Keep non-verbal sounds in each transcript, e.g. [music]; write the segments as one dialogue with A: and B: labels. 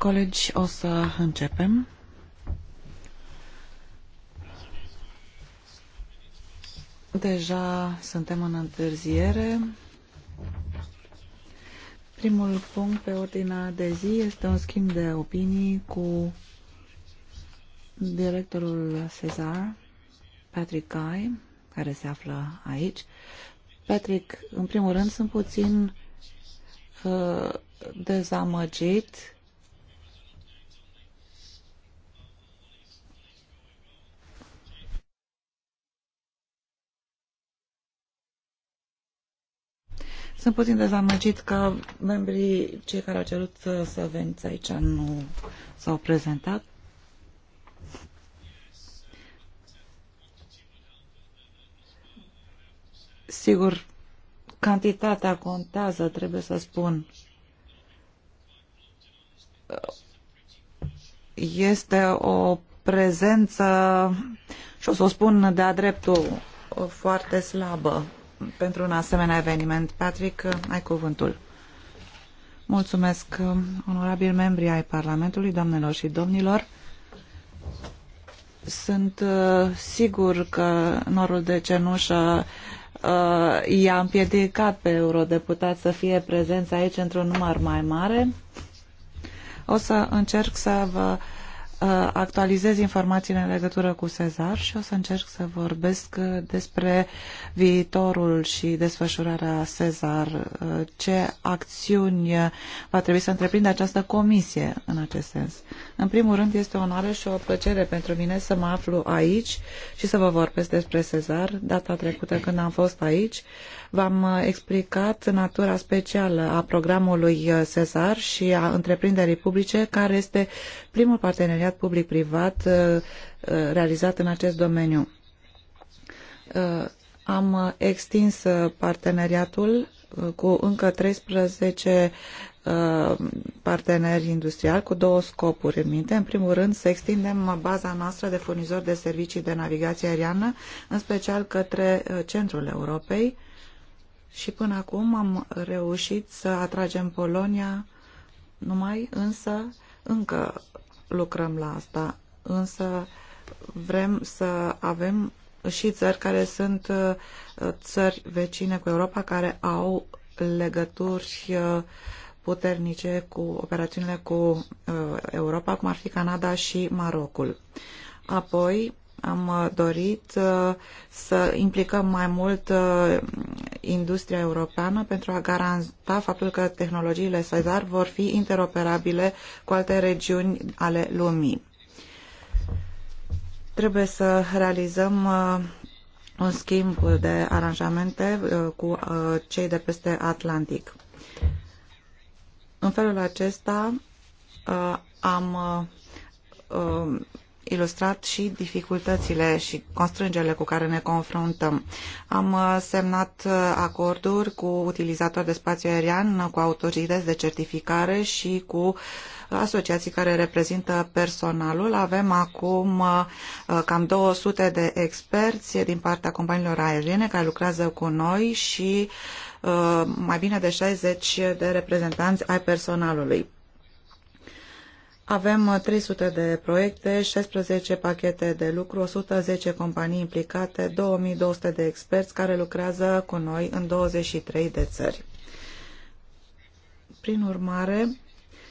A: Colegi, o să începem. Deja suntem în întârziere. Primul punct pe ordinea de zi este un schimb de opinii cu directorul Cezar, Patrick Guy, care se află aici. Patrick, în primul rând, sunt puțin uh, dezamăgit Sunt puțin dezamăgit că membrii, cei care au cerut să, să veniți aici, nu s-au prezentat. Sigur, cantitatea contează, trebuie să spun este o prezență, și o să o spun de-a dreptul, foarte slabă pentru un asemenea eveniment. Patrick, ai cuvântul. Mulțumesc, onorabil membri ai Parlamentului, doamnelor și domnilor. Sunt uh, sigur că norul de cenușă uh, i-a împiedicat pe eurodeputat să fie prezenți aici într-un număr mai mare. O să încerc să vă uh, actualizez informațiile în legătură cu Cezar și o să încerc să vorbesc uh, despre viitorul și desfășurarea Cezar, uh, ce acțiuni va trebui să întreprinde această comisie în acest sens. În primul rând, este o onoare și o plăcere pentru mine să mă aflu aici și să vă vorbesc despre Cezar. Data trecută când am fost aici, V-am uh, explicat natura specială a programului uh, Cesar și a întreprinderii publice, care este primul parteneriat public-privat uh, realizat în acest domeniu. Am extins parteneriatul cu încă 13 parteneri industriali cu două scopuri în minte. În primul rând, să extindem baza noastră de furnizori de servicii de navigație aeriană, în special către centrul Europei, și până acum am reușit să atragem Polonia numai, însă încă lucrăm la asta. Însă vrem să avem și țări care sunt uh, țări vecine cu Europa, care au legături uh, puternice cu operațiunile cu uh, Europa, cum ar fi Canada și Marocul. Apoi, am uh, dorit uh, să implicăm mai mult uh, industria europeană pentru a garanta faptul că tehnologiile SESAR vor fi interoperabile cu alte regiuni ale lumii. Trebuie să realizăm un schimb de aranjamente cu cei de peste Atlantic. În felul acesta am ilustrat și dificultățile și constrângerile cu care ne confruntăm. Am uh, semnat uh, acorduri cu utilizatori de spațiu aerian, cu autorități de certificare și cu uh, asociații care reprezintă personalul. Avem acum cam 200 de experți din partea companiilor aeriene care lucrează cu noi și mai bine de 60 de reprezentanți ai personalului. Avem 300 uh, de proiecte, 16 pachete de lucru, 110 companii implicate, 2200 de experți care lucrează cu noi în 23 de țări. Prin urmare,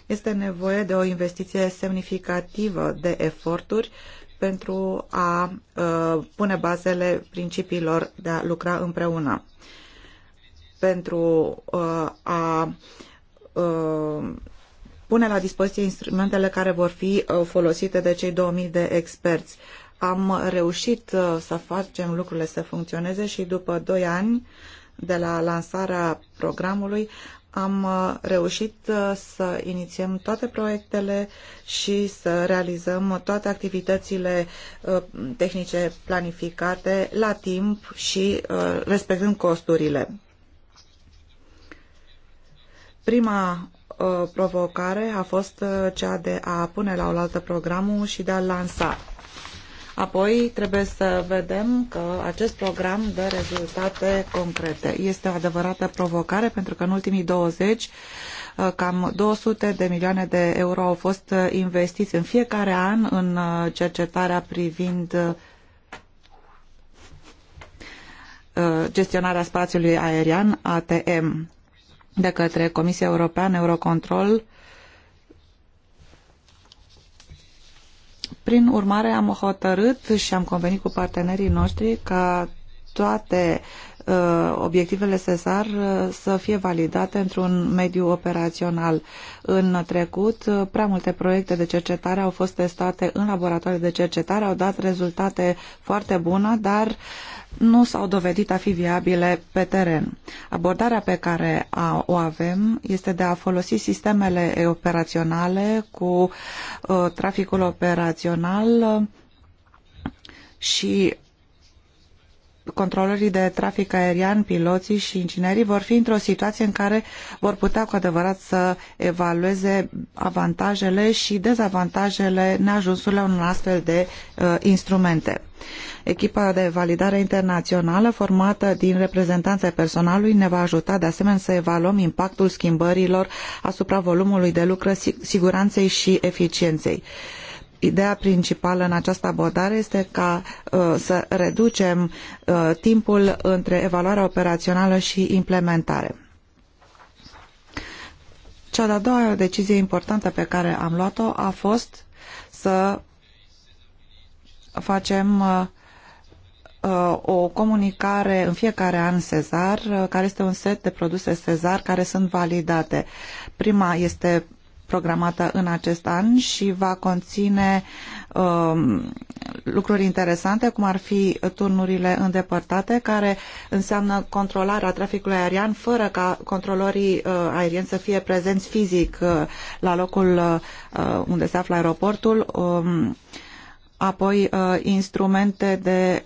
A: este nevoie de o investiție semnificativă de eforturi pentru a uh, pune bazele principiilor de a lucra împreună. Pentru uh, a uh, pune la dispoziție instrumentele care vor fi uh, folosite de cei 2000 de experți. Am reușit uh, să facem lucrurile să funcționeze și după 2 ani de la lansarea programului am uh, reușit să inițiem toate proiectele și să realizăm toate activitățile tehnice planificate la timp și respectând costurile. Prima Uh, provocare a fost uh, cea de a pune la oaltă programul și de a-l lansa. Apoi trebuie să vedem că acest program dă rezultate concrete. Este o adevărată provocare pentru că în ultimii 20 uh, cam 200 de milioane de euro au fost investiți în fiecare an în cercetarea privind gestionarea spațiului aerian ATM de către Comisia Europeană Eurocontrol. Prin urmare, am hotărât și am convenit cu partenerii noștri ca toate uh, obiectivele SESAR uh, să fie validate într-un mediu operațional. În trecut, uh, prea multe proiecte de cercetare au fost testate în laboratoare de cercetare, au dat rezultate foarte bune, dar uh, nu s-au dovedit a fi viabile pe teren. Abordarea pe care a, o avem este de a folosi sistemele operaționale cu uh, traficul operațional uh, și controlorii de trafic aerian, piloții și inginerii vor fi într-o situație în care vor putea cu adevărat să evalueze avantajele și dezavantajele, neajunsurile unor astfel de uh, instrumente. Echipa de validare internațională formată din reprezentanțe personalului ne va ajuta de asemenea să evaluăm impactul schimbărilor asupra volumului de lucră, siguranței și eficienței. Uh, Ideea principală în această abordare este ca uh, să reducem uh, timpul între evaluarea operațională și implementare. Cea de-a doua decizie importantă pe care am luat-o a fost să facem uh, o comunicare în fiecare an Sezar, care este un set de produse Sezar care sunt validate. Prima este programată în acest an și va conține um, lucruri interesante, cum ar fi turnurile îndepărtate, care înseamnă controlarea traficului aerian fără ca controlorii uh, aerieni să fie prezenți fizic uh, la locul uh, unde se află aeroportul. Um, apoi instrumente de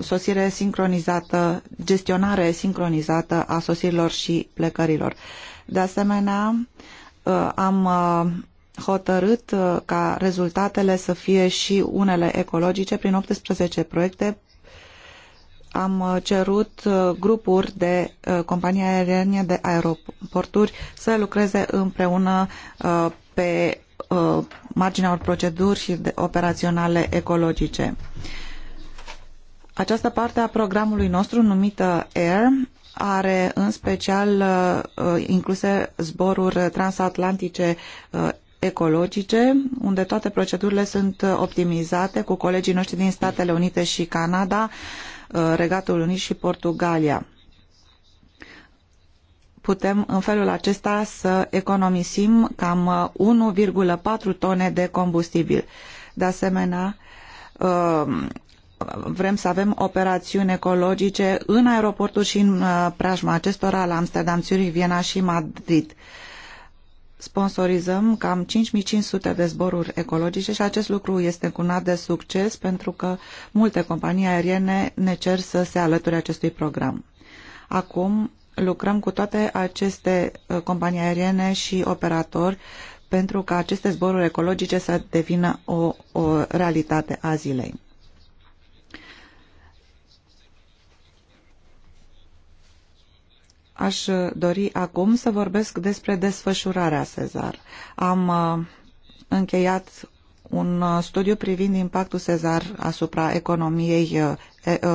A: sosire sincronizată, gestionare sincronizată a sosirilor și plecărilor. De asemenea, Uh, am uh, hotărât uh, ca rezultatele să fie și unele ecologice prin 18 proiecte. Am cerut grupuri de companii aeriene de aeroporturi să lucreze împreună pe marginea unor proceduri operaționale ecologice. Această parte a programului nostru, numită AIR, are în special uh, incluse zboruri transatlantice uh, ecologice, unde toate procedurile sunt optimizate cu colegii noștri din Statele Unite și Canada, uh, Regatul Unit și Portugalia. Putem în felul acesta să economisim cam 1,4 tone de combustibil. De asemenea, vrem să avem operațiuni ecologice în aeroporturi și în uh, preajma acestora la Amsterdam, Zurich, Viena și Madrid. Sponsorizăm cam 5500 de zboruri ecologice și acest lucru este cunat de succes pentru că multe companii aeriene ne cer să se alăture acestui program. Acum lucrăm cu toate aceste uh, companii aeriene și operatori pentru ca aceste zboruri ecologice să devină o, o realitate a zilei. Aș dori acum să vorbesc despre desfășurarea Sezar. Am uh, încheiat un uh, studiu privind impactul Sezar asupra economiei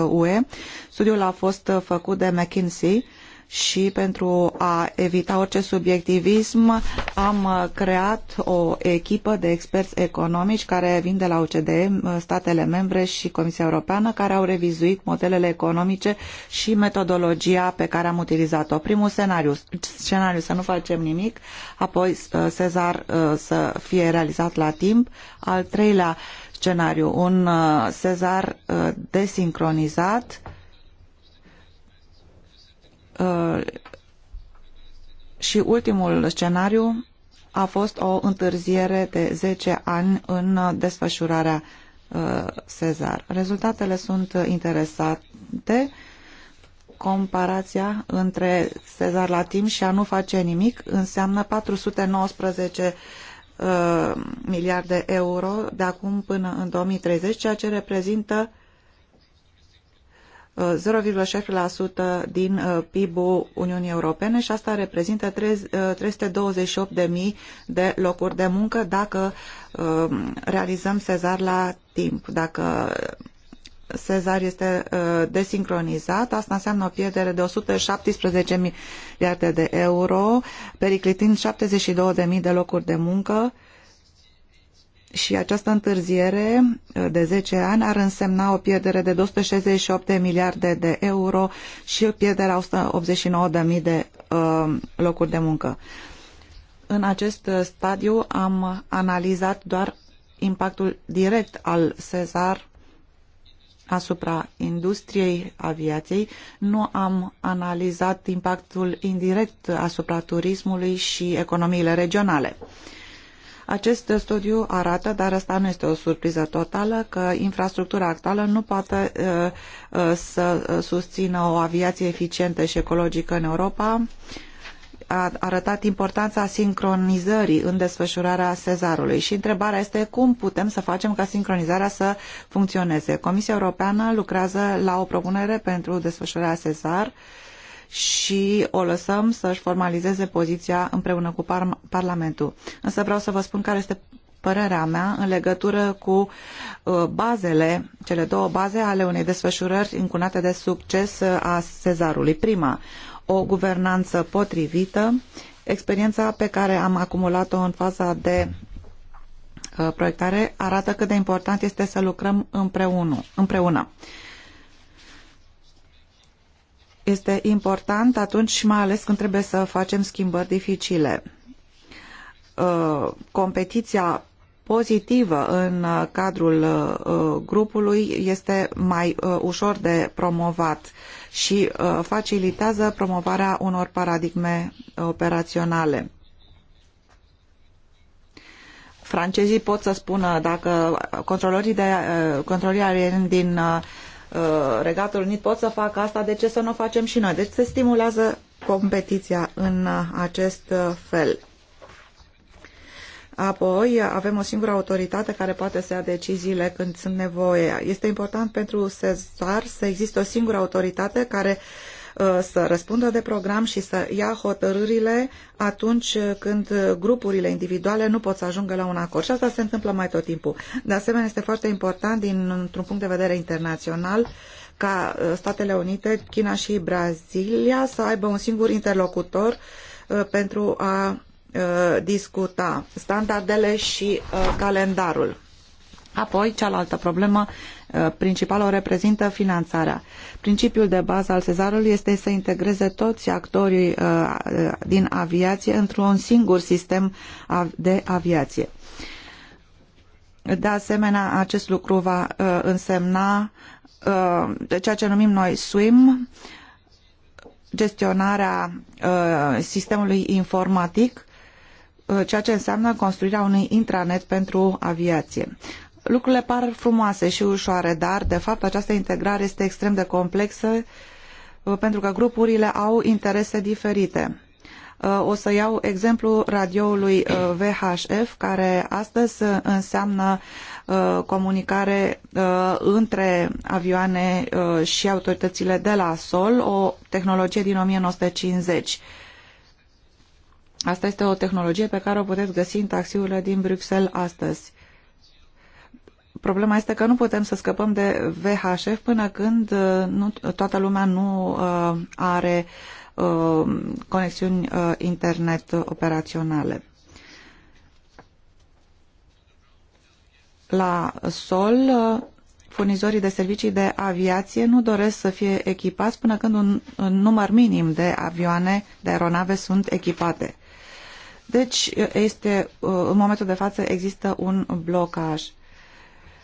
A: UE. Uh, Studiul a fost făcut de McKinsey și pentru a evita orice subiectivism am creat o echipă de experți economici care vin de la OCDE, statele membre și Comisia Europeană care au revizuit modelele economice și metodologia pe care am utilizat-o. Primul scenariu, scenariu să nu facem nimic, apoi uh, Cezar uh, să fie realizat la timp, al treilea scenariu, un uh, Cezar desincronizat, Uh, și ultimul scenariu a fost o întârziere de 10 ani în desfășurarea uh, Cezar. Rezultatele sunt interesante. Comparația între Cezar la timp și a nu face nimic înseamnă 419 uh, miliarde euro de acum până în 2030, ceea ce reprezintă 0,6% din uh, PIB-ul Uniunii Europene și asta reprezintă 328.000 uh, de locuri de muncă dacă uh, realizăm Sezar la timp. Dacă Sezar este desincronizat, asta înseamnă o pierdere de 117 miliarde de euro, periclitind 72.000 de locuri de muncă și această întârziere uh, de 10 ani ar însemna o pierdere de 268 de miliarde de euro și pierderea 189.000 de mii de uh, locuri de muncă. În acest uh, stadiu am analizat doar impactul direct al Cezar asupra industriei aviației, nu am analizat impactul indirect asupra turismului și economiile regionale. Acest studiu arată, dar asta nu este o surpriză totală, că infrastructura actuală nu poate uh, uh, să susțină o aviație eficientă și ecologică în Europa, a arătat importanța sincronizării în desfășurarea sezarului și întrebarea este cum putem să facem ca sincronizarea să funcționeze. Comisia Europeană lucrează la o propunere pentru desfășurarea sezar uh, și o lăsăm să-și formalizeze poziția împreună cu par Parlamentul. Însă vreau să vă spun care este părerea mea în legătură cu uh, bazele, cele două baze ale unei desfășurări încunate de succes uh, a Sezarului. Prima, o guvernanță potrivită, experiența pe care am acumulat-o în faza de uh, proiectare arată cât de important este să lucrăm împreună. împreună este important atunci, mai ales când trebuie să facem schimbări dificile. Uh, competiția pozitivă în uh, cadrul uh, grupului este mai ușor de promovat și facilitează promovarea unor paradigme operaționale. Francezii pot să spună dacă controlorii, de, controlorii aerieni din Uh, Regatul Unit pot să facă asta, de ce să nu o facem și noi? Deci se stimulează competiția în uh, acest uh, fel. Apoi avem o singură autoritate care poate să ia deciziile când sunt nevoie. Este important pentru Sezar să existe o singură autoritate care uh, Uh, să răspundă de program și să ia hotărârile atunci când grupurile individuale nu pot să ajungă la un acord. Și asta se întâmplă mai tot timpul. De asemenea, este foarte important dintr-un punct de vedere internațional ca uh, Statele Unite, China și Brazilia să aibă un singur interlocutor uh, pentru a discuta standardele și calendarul. Apoi, cealaltă problemă uh, principală o reprezintă finanțarea. Principiul de bază al Sezarului este să integreze toți actorii uh, uh, din aviație într-un singur sistem de aviație. De asemenea, acest lucru va însemna ceea ce numim noi SWIM, gestionarea sistemului informatic, ceea ce înseamnă construirea unui intranet pentru aviație. Lucrurile par frumoase și ușoare, dar de fapt această integrare este extrem de complexă uh, pentru că grupurile au interese diferite. Uh, o să iau exemplu radioului uh, VHF, care astăzi înseamnă comunicare între avioane și autoritățile de la sol, o tehnologie din 1950. Asta este o tehnologie pe care o puteți găsi în taxiurile din Bruxelles astăzi. Problema este că nu putem să scăpăm de VHF până când uh, nu, toată lumea nu uh, are uh, conexiuni internet operaționale. La sol, furnizorii de servicii de aviație nu doresc să fie echipați până când un, un număr minim de avioane, de aeronave sunt echipate. Deci, este, în momentul de față există un blocaj.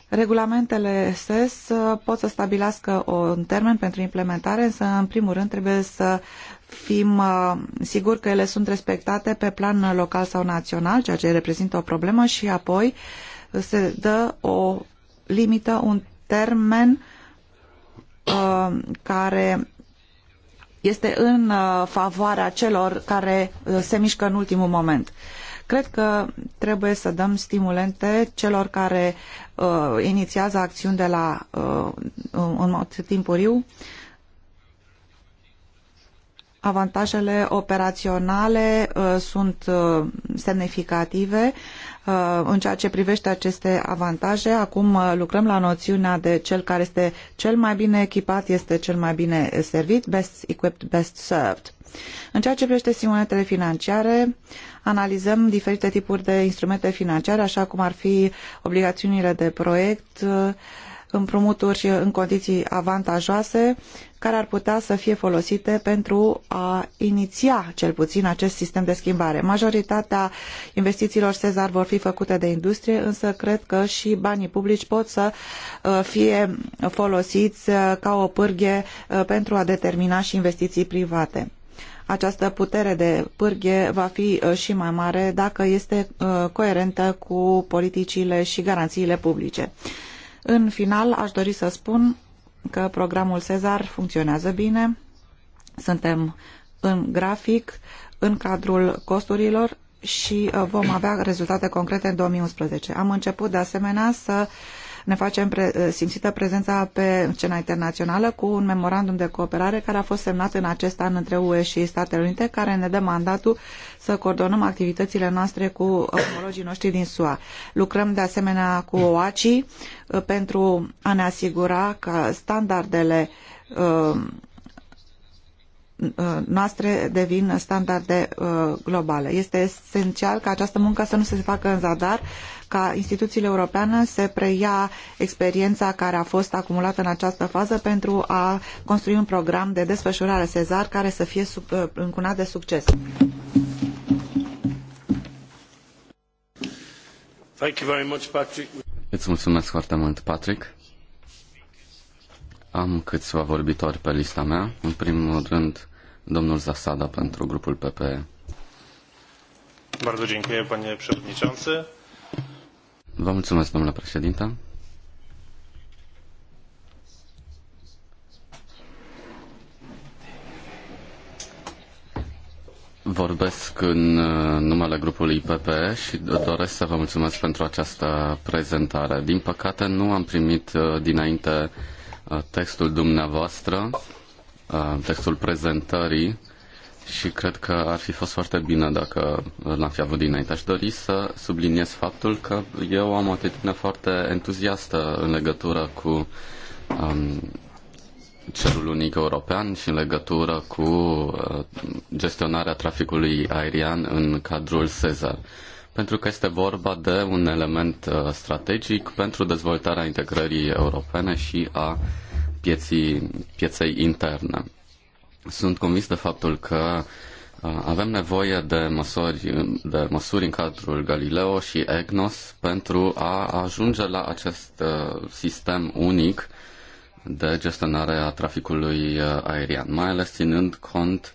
A: Regulamentele SES uh, pot să stabilească un termen pentru implementare, însă în primul rând trebuie să fim uh, siguri că ele sunt respectate pe plan local sau național, ceea ce reprezintă o problemă și apoi se dă o limită, un termen uh, care este în favoarea celor care se mișcă în ultimul moment. Cred că trebuie să dăm stimulente celor care uh, inițiază acțiuni de la uh, în mod timpuriu uh, avantajele operaționale uh, sunt uh, semnificative uh, în ceea ce privește aceste avantaje. Acum lucrăm la noțiunea de cel care este cel mai bine echipat, este cel mai bine servit, best equipped, best served. În ceea ce privește instrumentele financiare, analizăm diferite tipuri de instrumente financiare, așa cum ar fi obligațiunile de proiect, uh, împrumuturi în condiții avantajoase care ar putea să fie folosite pentru a iniția cel puțin acest sistem de schimbare. Majoritatea investițiilor Sezar vor fi făcute de industrie, însă cred că și banii publici pot să uh, fie folosiți uh, ca o pârghie uh, pentru a determina și investiții private această putere de pârghie va fi și mai mare dacă este coerentă cu politicile și garanțiile publice. În final, aș dori să spun că programul Cezar funcționează bine, suntem în grafic, în cadrul costurilor și uh, vom avea rezultate concrete în 2011. Am început de asemenea să uh, ne facem pre eh, simțită prezența pe scena internațională cu un memorandum de cooperare care a fost semnat în acest an între UE și Statele Unite, care ne dă mandatul să coordonăm activitățile noastre cu omologii noștri din SUA. Lucrăm de asemenea cu OACI eh, pentru a ne asigura că standardele eh, noastre devin standarde globale. Este esențial ca această muncă să nu se facă în zadar, ca instituțiile europeană să preia experiența care a fost acumulată în această fază pentru a construi un program de desfășurare sezar care să fie sub, uh, încunat de succes.
B: Thank you very much, Patrick.
C: Îți mulțumesc foarte mult, Patrick. Am câțiva vorbitori pe lista mea. În primul rând, domnul Zasada pentru grupul PP.
A: Bardzo dziękuję, panie przewodniczący.
C: Vă mulțumesc, domnule președinte. Vorbesc în uh, numele grupului PPE și doresc să vă mulțumesc pentru această prezentare. Din păcate nu am primit uh, dinainte uh, textul dumneavoastră, textul prezentării și cred că ar fi fost foarte bine dacă l-am fi avut dinainte. Aș dori să subliniez faptul că eu am o atitudine foarte entuziastă în legătură cu um, cerul unic european și în legătură cu uh, gestionarea traficului aerian în cadrul Cezar. Pentru că este vorba de un element uh, strategic pentru dezvoltarea integrării europene și a pieții, pieței interne. Sunt convins de faptul că uh, avem nevoie de măsuri, de măsuri în cadrul Galileo și EGNOS pentru a ajunge la acest uh, sistem unic de gestionare a traficului uh, aerian, mai ales ținând cont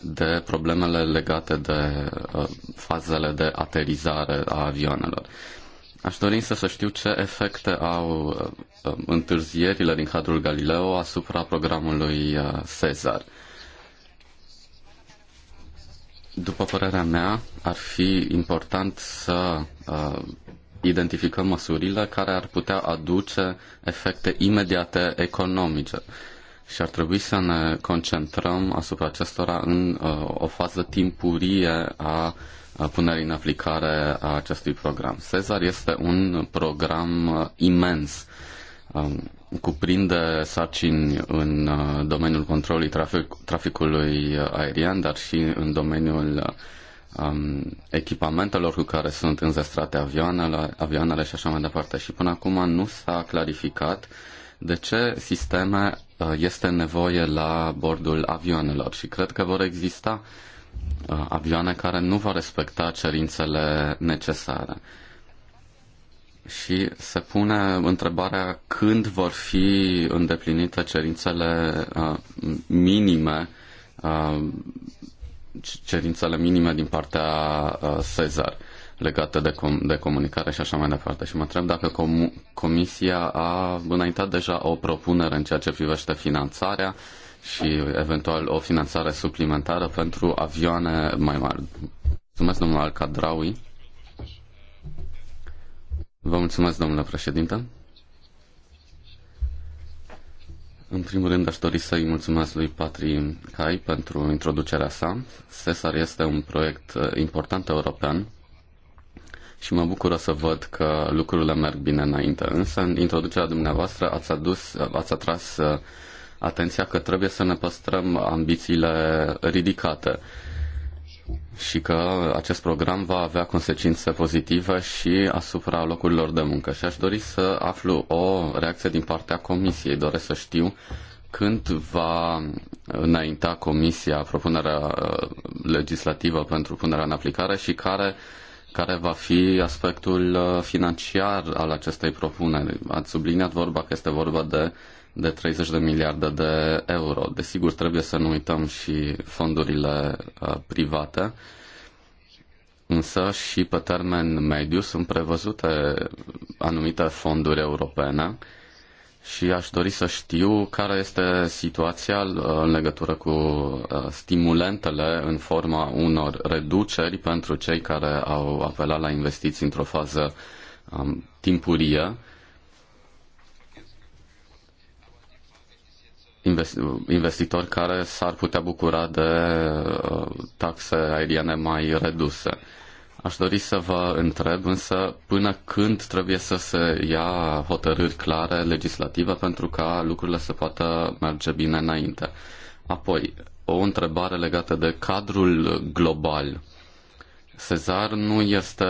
C: de problemele legate de fazele de aterizare a avioanelor. Aș dori să, să știu ce efecte au întârzierile din cadrul Galileo asupra programului Cezar. După părerea mea, ar fi important să uh, identificăm măsurile care ar putea aduce efecte imediate economice și ar trebui să ne concentrăm asupra acestora în uh, o fază timpurie a punerii în aplicare a acestui program. Cezar este un program uh, imens uh, Um, cuprinde sarcini în uh, domeniul controlului trafic, traficului uh, aerian, dar și în domeniul um, echipamentelor cu care sunt înzestrate avioanele, avioanele și așa mai departe. Și până acum nu s-a clarificat de ce sisteme uh, este nevoie la bordul avioanelor și cred că vor exista avioane care nu vor respecta cerințele necesare și se pune întrebarea când vor fi îndeplinite cerințele minime cerințele minime din partea Cezar legate de, com- de comunicare și așa mai departe. Și mă întreb dacă com- Comisia a înaintat deja o propunere în ceea ce privește finanțarea și eventual o finanțare suplimentară pentru avioane mai mari. Mulțumesc, domnul Alcadraui. Vă mulțumesc, domnule președinte. În primul rând, aș dori să-i mulțumesc lui Patri Cai pentru introducerea sa. Cesar este un proiect uh, important european și mă bucură să văd că lucrurile merg bine înainte. Însă, în introducerea dumneavoastră, ați, adus, ați atras uh, atenția că trebuie să ne păstrăm ambițiile ridicate și că acest program va avea consecințe pozitive și asupra locurilor de muncă. Și aș dori să aflu o reacție din partea Comisiei. Doresc să știu când va înainta Comisia propunerea uh, legislativă pentru punerea în aplicare și care, care va fi aspectul uh, financiar al acestei propuneri. Ați subliniat vorba că este vorba de uh, de 30 de miliarde de euro. Desigur, trebuie să nu uităm și fondurile uh, private, însă și pe termen mediu sunt prevăzute anumite fonduri europene și aș dori să știu care este situația uh, în legătură cu uh, stimulentele în forma unor reduceri pentru cei care au apelat la investiții într-o fază um, timpurie investitori care s-ar putea bucura de uh, taxe aeriene mai reduse. Aș dori să vă întreb însă până când trebuie să se ia hotărâri clare legislative pentru ca lucrurile să poată merge bine înainte. Apoi, o întrebare legată de cadrul global. Cezar nu este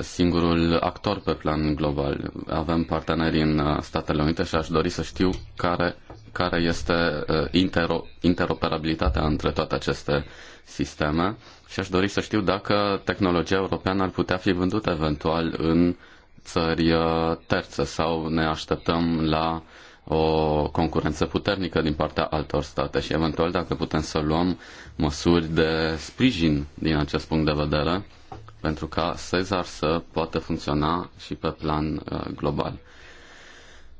C: singurul actor pe plan global. Avem parteneri în uh, Statele Unite și aș dori să știu care care este intero- uh, interoperabilitatea între toate aceste sisteme și aș dori să știu dacă tehnologia europeană ar putea fi vândută eventual în țări uh, terțe sau ne așteptăm la o concurență puternică din partea altor state și eventual dacă putem să luăm măsuri de sprijin din acest punct de vedere pentru ca Cezar să poată funcționa și pe plan uh, global.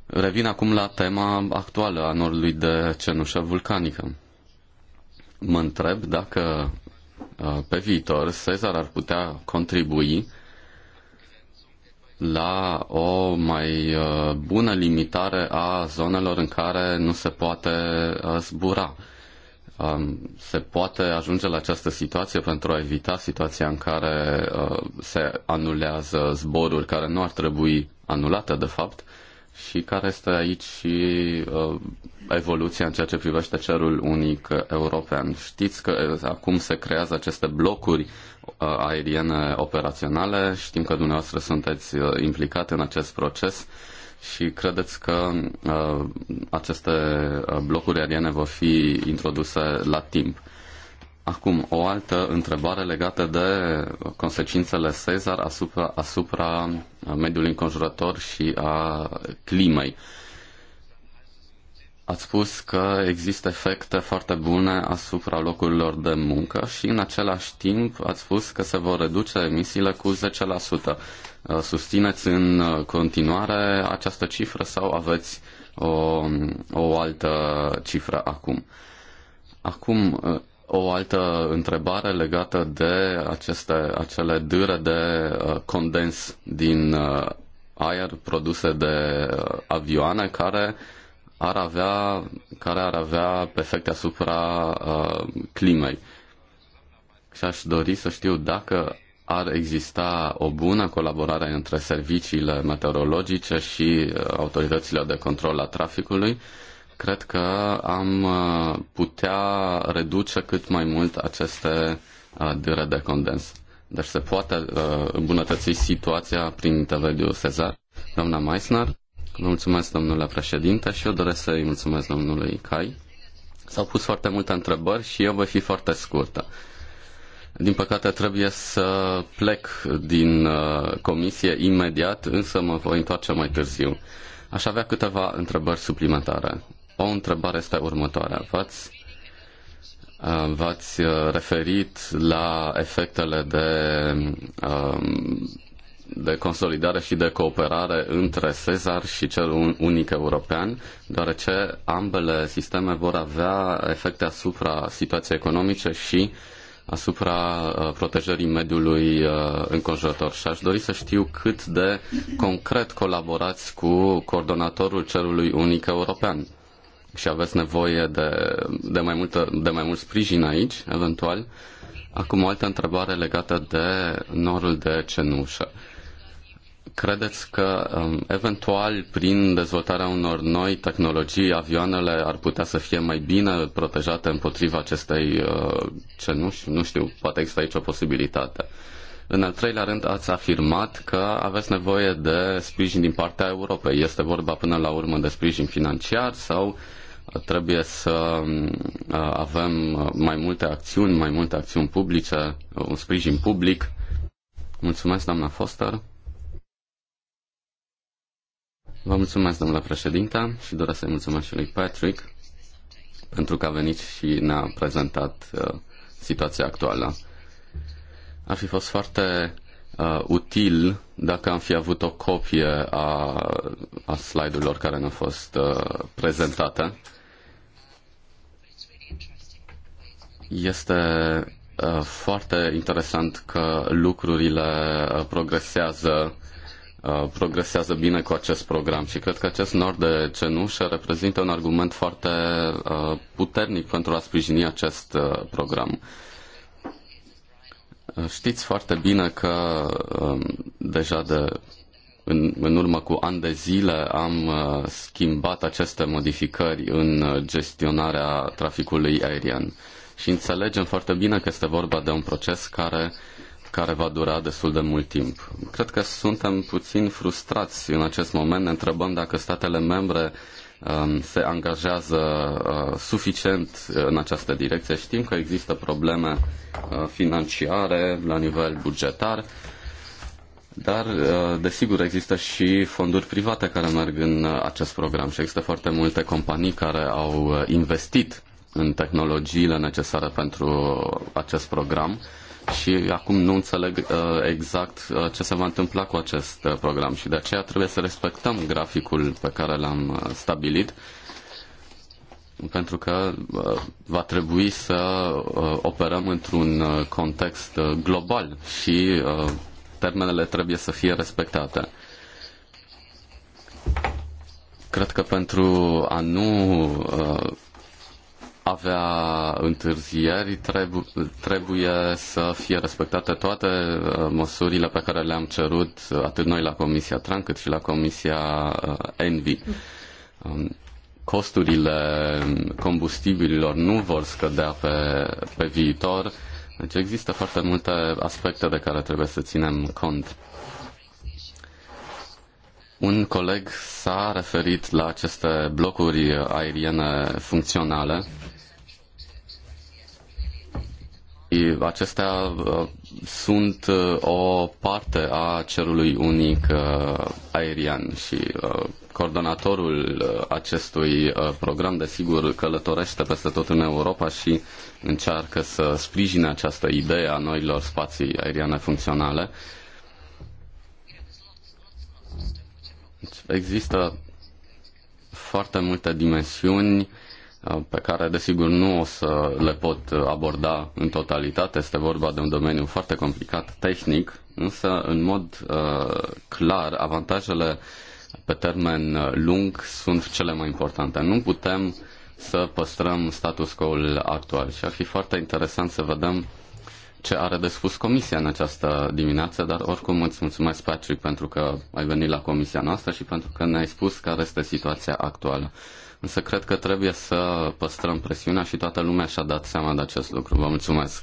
C: Revin acum la tema actuală a norului de cenușă vulcanică. Mă întreb dacă uh, pe viitor Cezar ar putea contribui la o mai uh, bună limitare a zonelor în care nu se poate uh, zbura. Um, se poate ajunge la această situație pentru a evita situația în care se anulează zboruri care nu ar trebui anulate, de fapt, și care este aici și uh, evoluția în ceea ce privește cerul unic european. Știți că uh, acum se creează aceste blocuri uh, aeriene operaționale, știm că dumneavoastră sunteți uh, implicate în acest proces și credeți că uh, aceste uh, blocuri aeriene vor fi introduse la timp. Uh, Acum, o altă întrebare legată de consecințele Cezar asupra, asupra mediului înconjurător și a climei. Ați spus că există efecte foarte bune asupra locurilor de muncă și în același timp ați spus că se vor reduce emisiile cu 10%. Susțineți în continuare această cifră sau aveți o, o altă cifră acum? Acum, o altă întrebare legată de aceste, acele dâre de uh, condens din uh, aer produse de uh, avioane care ar avea, care ar avea efecte asupra climei. Și aș dori să știu dacă ar exista o bună colaborare între serviciile meteorologice și autoritățile de control a traficului uh, cred că am uh, putea reduce cât mai mult aceste uh, dure de condens. Deci se poate uh, îmbunătăți situația prin intermediul Sezar. Doamna Meissner, vă mulțumesc domnule președinte și eu doresc să-i mulțumesc domnului Cai. S-au pus foarte multe întrebări și eu voi fi foarte scurtă. Din păcate trebuie să plec din comisie imediat, însă mă voi întoarce mai târziu. Aș avea câteva întrebări suplimentare. O întrebare este următoarea. V-ați, uh, v-ați uh, referit la efectele de, um, de consolidare și de cooperare între Cezar și cel unic european, deoarece ambele sisteme vor avea efecte asupra situației economice și asupra uh, protejării mediului înconjurător și aș dori să știu cât de concret colaborați cu coordonatorul cerului unic european și aveți nevoie de, de, mai, multă, de mai mult sprijin aici, eventual. Acum o altă întrebare legată de norul de cenușă. Credeți că um, eventual prin dezvoltarea unor noi tehnologii avioanele ar putea să fie mai bine protejate împotriva acestei uh, cenuși? Nu știu, poate există aici o posibilitate. În al treilea rând, ați afirmat că aveți nevoie de sprijin din partea Europei. Este vorba până la urmă de sprijin financiar sau uh, Trebuie să uh, avem mai multe acțiuni, mai multe acțiuni publice, un sprijin public. Mulțumesc, doamna Foster. Vă mulțumesc, domnule președinte, și doresc să-i mulțumesc și lui Patrick pentru că a venit și ne-a prezentat uh, situația actuală. Ar fi fost foarte uh, util dacă am fi avut o copie a, a slide-urilor care ne-au fost uh, prezentate Este uh, foarte interesant că lucrurile uh, progresează uh, progresează bine cu acest program și cred că acest nor de cenușă reprezintă un argument foarte puternic pentru a sprijini acest program. Știți foarte bine că um, deja de în, în urmă cu ani de zile am schimbat aceste modificări în gestionarea traficului aerian și înțelegem foarte bine că este vorba de un proces care, care va dura destul de mult timp. Cred că suntem puțin frustrați în acest moment, ne întrebăm dacă statele membre um, se angajează uh, suficient în această direcție. Știm că există probleme uh, financiare la nivel bugetar, dar, uh, desigur, există și fonduri private care merg în acest program și există foarte multe companii care au investit în tehnologiile necesare pentru acest program și acum nu înțeleg uh, exact uh, ce se va întâmpla cu acest uh, program și de aceea trebuie să respectăm graficul pe care l-am stabilit pentru că va trebui să operăm într-un context global și termenele trebuie să fie respectate. Cred că pentru a nu avea întârzieri, trebu- trebuie să fie respectate toate uh, măsurile pe care le-am cerut uh, atât noi la Comisia Tran cât și la Comisia uh, Envi. Um, costurile combustibililor nu vor scădea pe, pe viitor, deci există foarte multe aspecte de care trebuie să ținem cont. Un coleg s-a referit la aceste blocuri aeriene funcționale acestea uh, sunt uh, o parte a cerului unic uh, aerian și coordonatorul acestui program, desigur, călătorește peste tot în Europa și încearcă să sprijine această idee a noilor spații aeriane funcționale. Deci, există foarte multe dimensiuni Uh, pe care, desigur, nu o să le pot aborda în totalitate. Este vorba de un domeniu foarte complicat tehnic, însă, în mod uh, clar, avantajele pe termen lung sunt cele mai importante. Nu putem să păstrăm status quo-ul actual și ar fi foarte interesant să vedem ce are de spus Comisia în această dimineață, dar oricum îți mulțumesc, Patrick, pentru că ai venit la Comisia noastră și pentru că ne-ai spus care este situația actuală însă cred că trebuie să păstrăm presiunea și toată lumea și-a dat seama de acest lucru. Vă mulțumesc.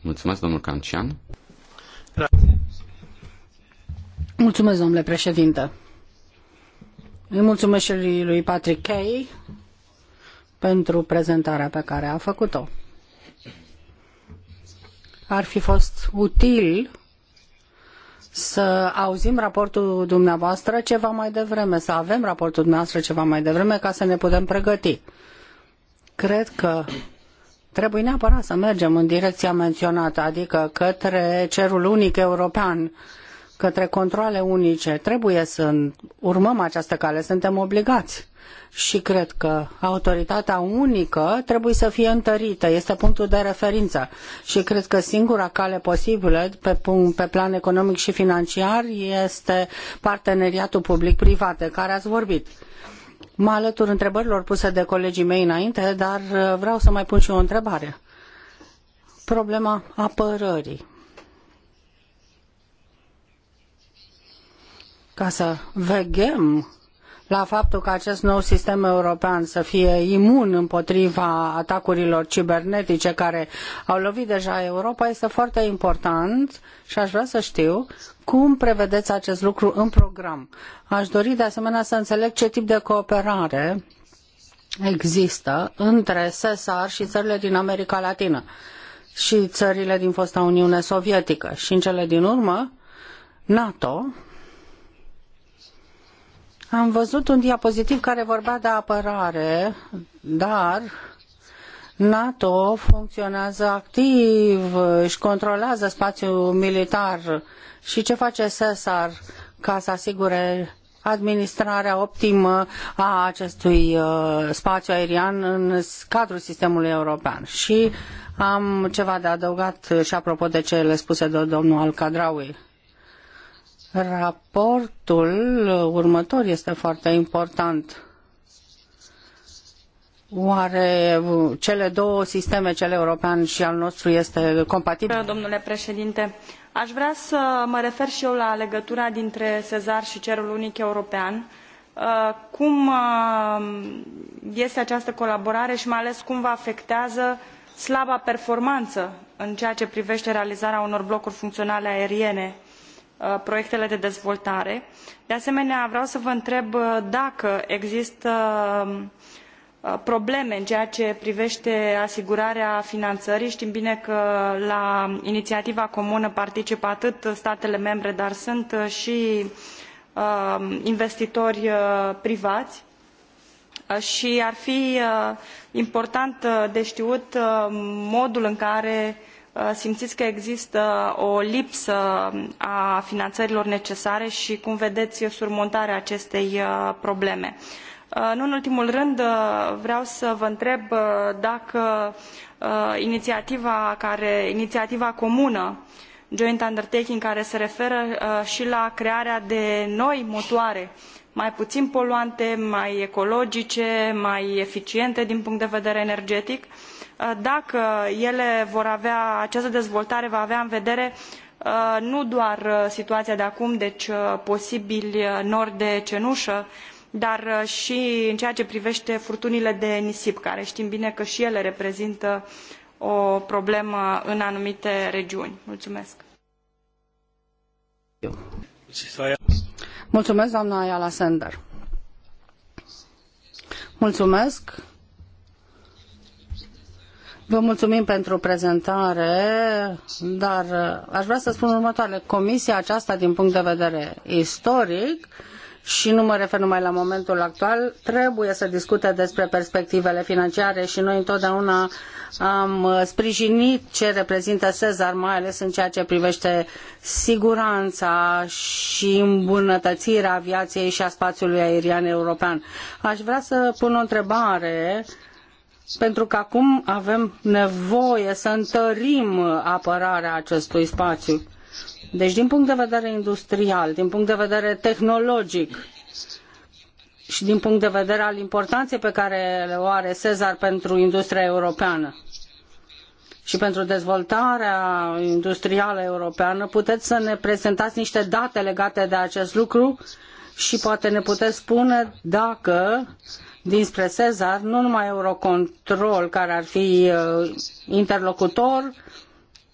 C: Mulțumesc, domnul Cancian.
D: Mulțumesc, domnule președinte. Îi mulțumesc și lui Patrick Kay pentru prezentarea pe care a făcut-o. Ar fi fost util să auzim raportul dumneavoastră ceva mai devreme, să avem raportul dumneavoastră ceva mai devreme ca să ne putem pregăti. Cred că trebuie neapărat să mergem în direcția menționată, adică către cerul unic european către controle unice. Trebuie să urmăm această cale, suntem obligați. Și cred că autoritatea unică trebuie să fie întărită, este punctul de referință. Și cred că singura cale posibilă pe, pe plan economic și financiar este parteneriatul public-privat care ați vorbit. Mă alătur întrebărilor puse de colegii mei înainte, dar uh, vreau să mai pun și o întrebare. Problema apărării ca să veghem la faptul că acest nou sistem european să fie imun împotriva atacurilor cibernetice care au lovit deja Europa este foarte important și aș vrea să știu cum prevedeți acest lucru în program. Aș dori de asemenea să înțeleg ce tip de cooperare există între SESAR și țările din America Latină și țările din fosta Uniune Sovietică și în cele din urmă NATO am văzut un diapozitiv care vorbea de apărare, dar NATO funcționează activ, își controlează spațiul militar și ce face SESAR ca să asigure administrarea optimă a acestui uh, spațiu aerian în cadrul sistemului european. Și am ceva de adăugat și apropo de cele spuse de domnul Alcadraui. Raportul următor este foarte important. Oare cele două sisteme, cel european și al nostru, este compatibil? Da,
B: domnule președinte, aș vrea să mă refer și eu la legătura dintre Sezar și Cerul Unic European. Uh, cum uh, este această colaborare și mai ales cum vă afectează slaba performanță în ceea ce privește realizarea unor blocuri funcționale aeriene? Uh, proiectele de dezvoltare. De asemenea, vreau să vă întreb uh, dacă există um, uh, probleme în ceea ce privete asigurarea finanării tim bine că la iniiativa comună participă atât statele membre dar sunt i um, investitori privați. privai i ar fi important de tiut modul în care Uh, simțiți că există o lipsă um, a finanțărilor necesare și cum vedeți surmontarea acestei uh, probleme. Uh, nu în ultimul rând, vreau să vă întreb dacă inițiativa, care, inițiativa comună joint undertaking care se referă și la crearea de noi motoare mai puțin poluante, mai ecologice, mai eficiente din punct de vedere energetic, uh, dacă ele vor avea această dezvoltare va avea în vedere uh, nu doar uh, situația de acum deci uh, posibili nori de cenușă dar și în ceea ce privește furtunile de nisip care știm bine că și ele reprezintă o problemă în anumite regiuni. Mulțumesc.
D: Mulțumesc, doamna Ayala Sender. Mulțumesc. Vă mulțumim pentru prezentare, dar uh, aș vrea să spun următoarele. Comisia aceasta, din punct de vedere istoric, și nu mă refer numai la momentul actual, trebuie să discute despre perspectivele financiare și noi întotdeauna am uh, sprijinit ce reprezintă Sezar, mai ales în ceea ce privește siguranța și îmbunătățirea aviației și a spațiului aerian european. Aș vrea să pun o întrebare uh, pentru că acum avem nevoie să întărim apărarea acestui spațiu. Deci, din punct de vedere industrial, din punct de vedere tehnologic și din punct de vedere al importanței pe care le o are Cezar pentru industria europeană și pentru dezvoltarea industrială europeană, puteți să ne prezentați niște date legate de acest lucru și poate ne puteți spune dacă dinspre Cezar, nu numai Eurocontrol care ar fi uh, interlocutor,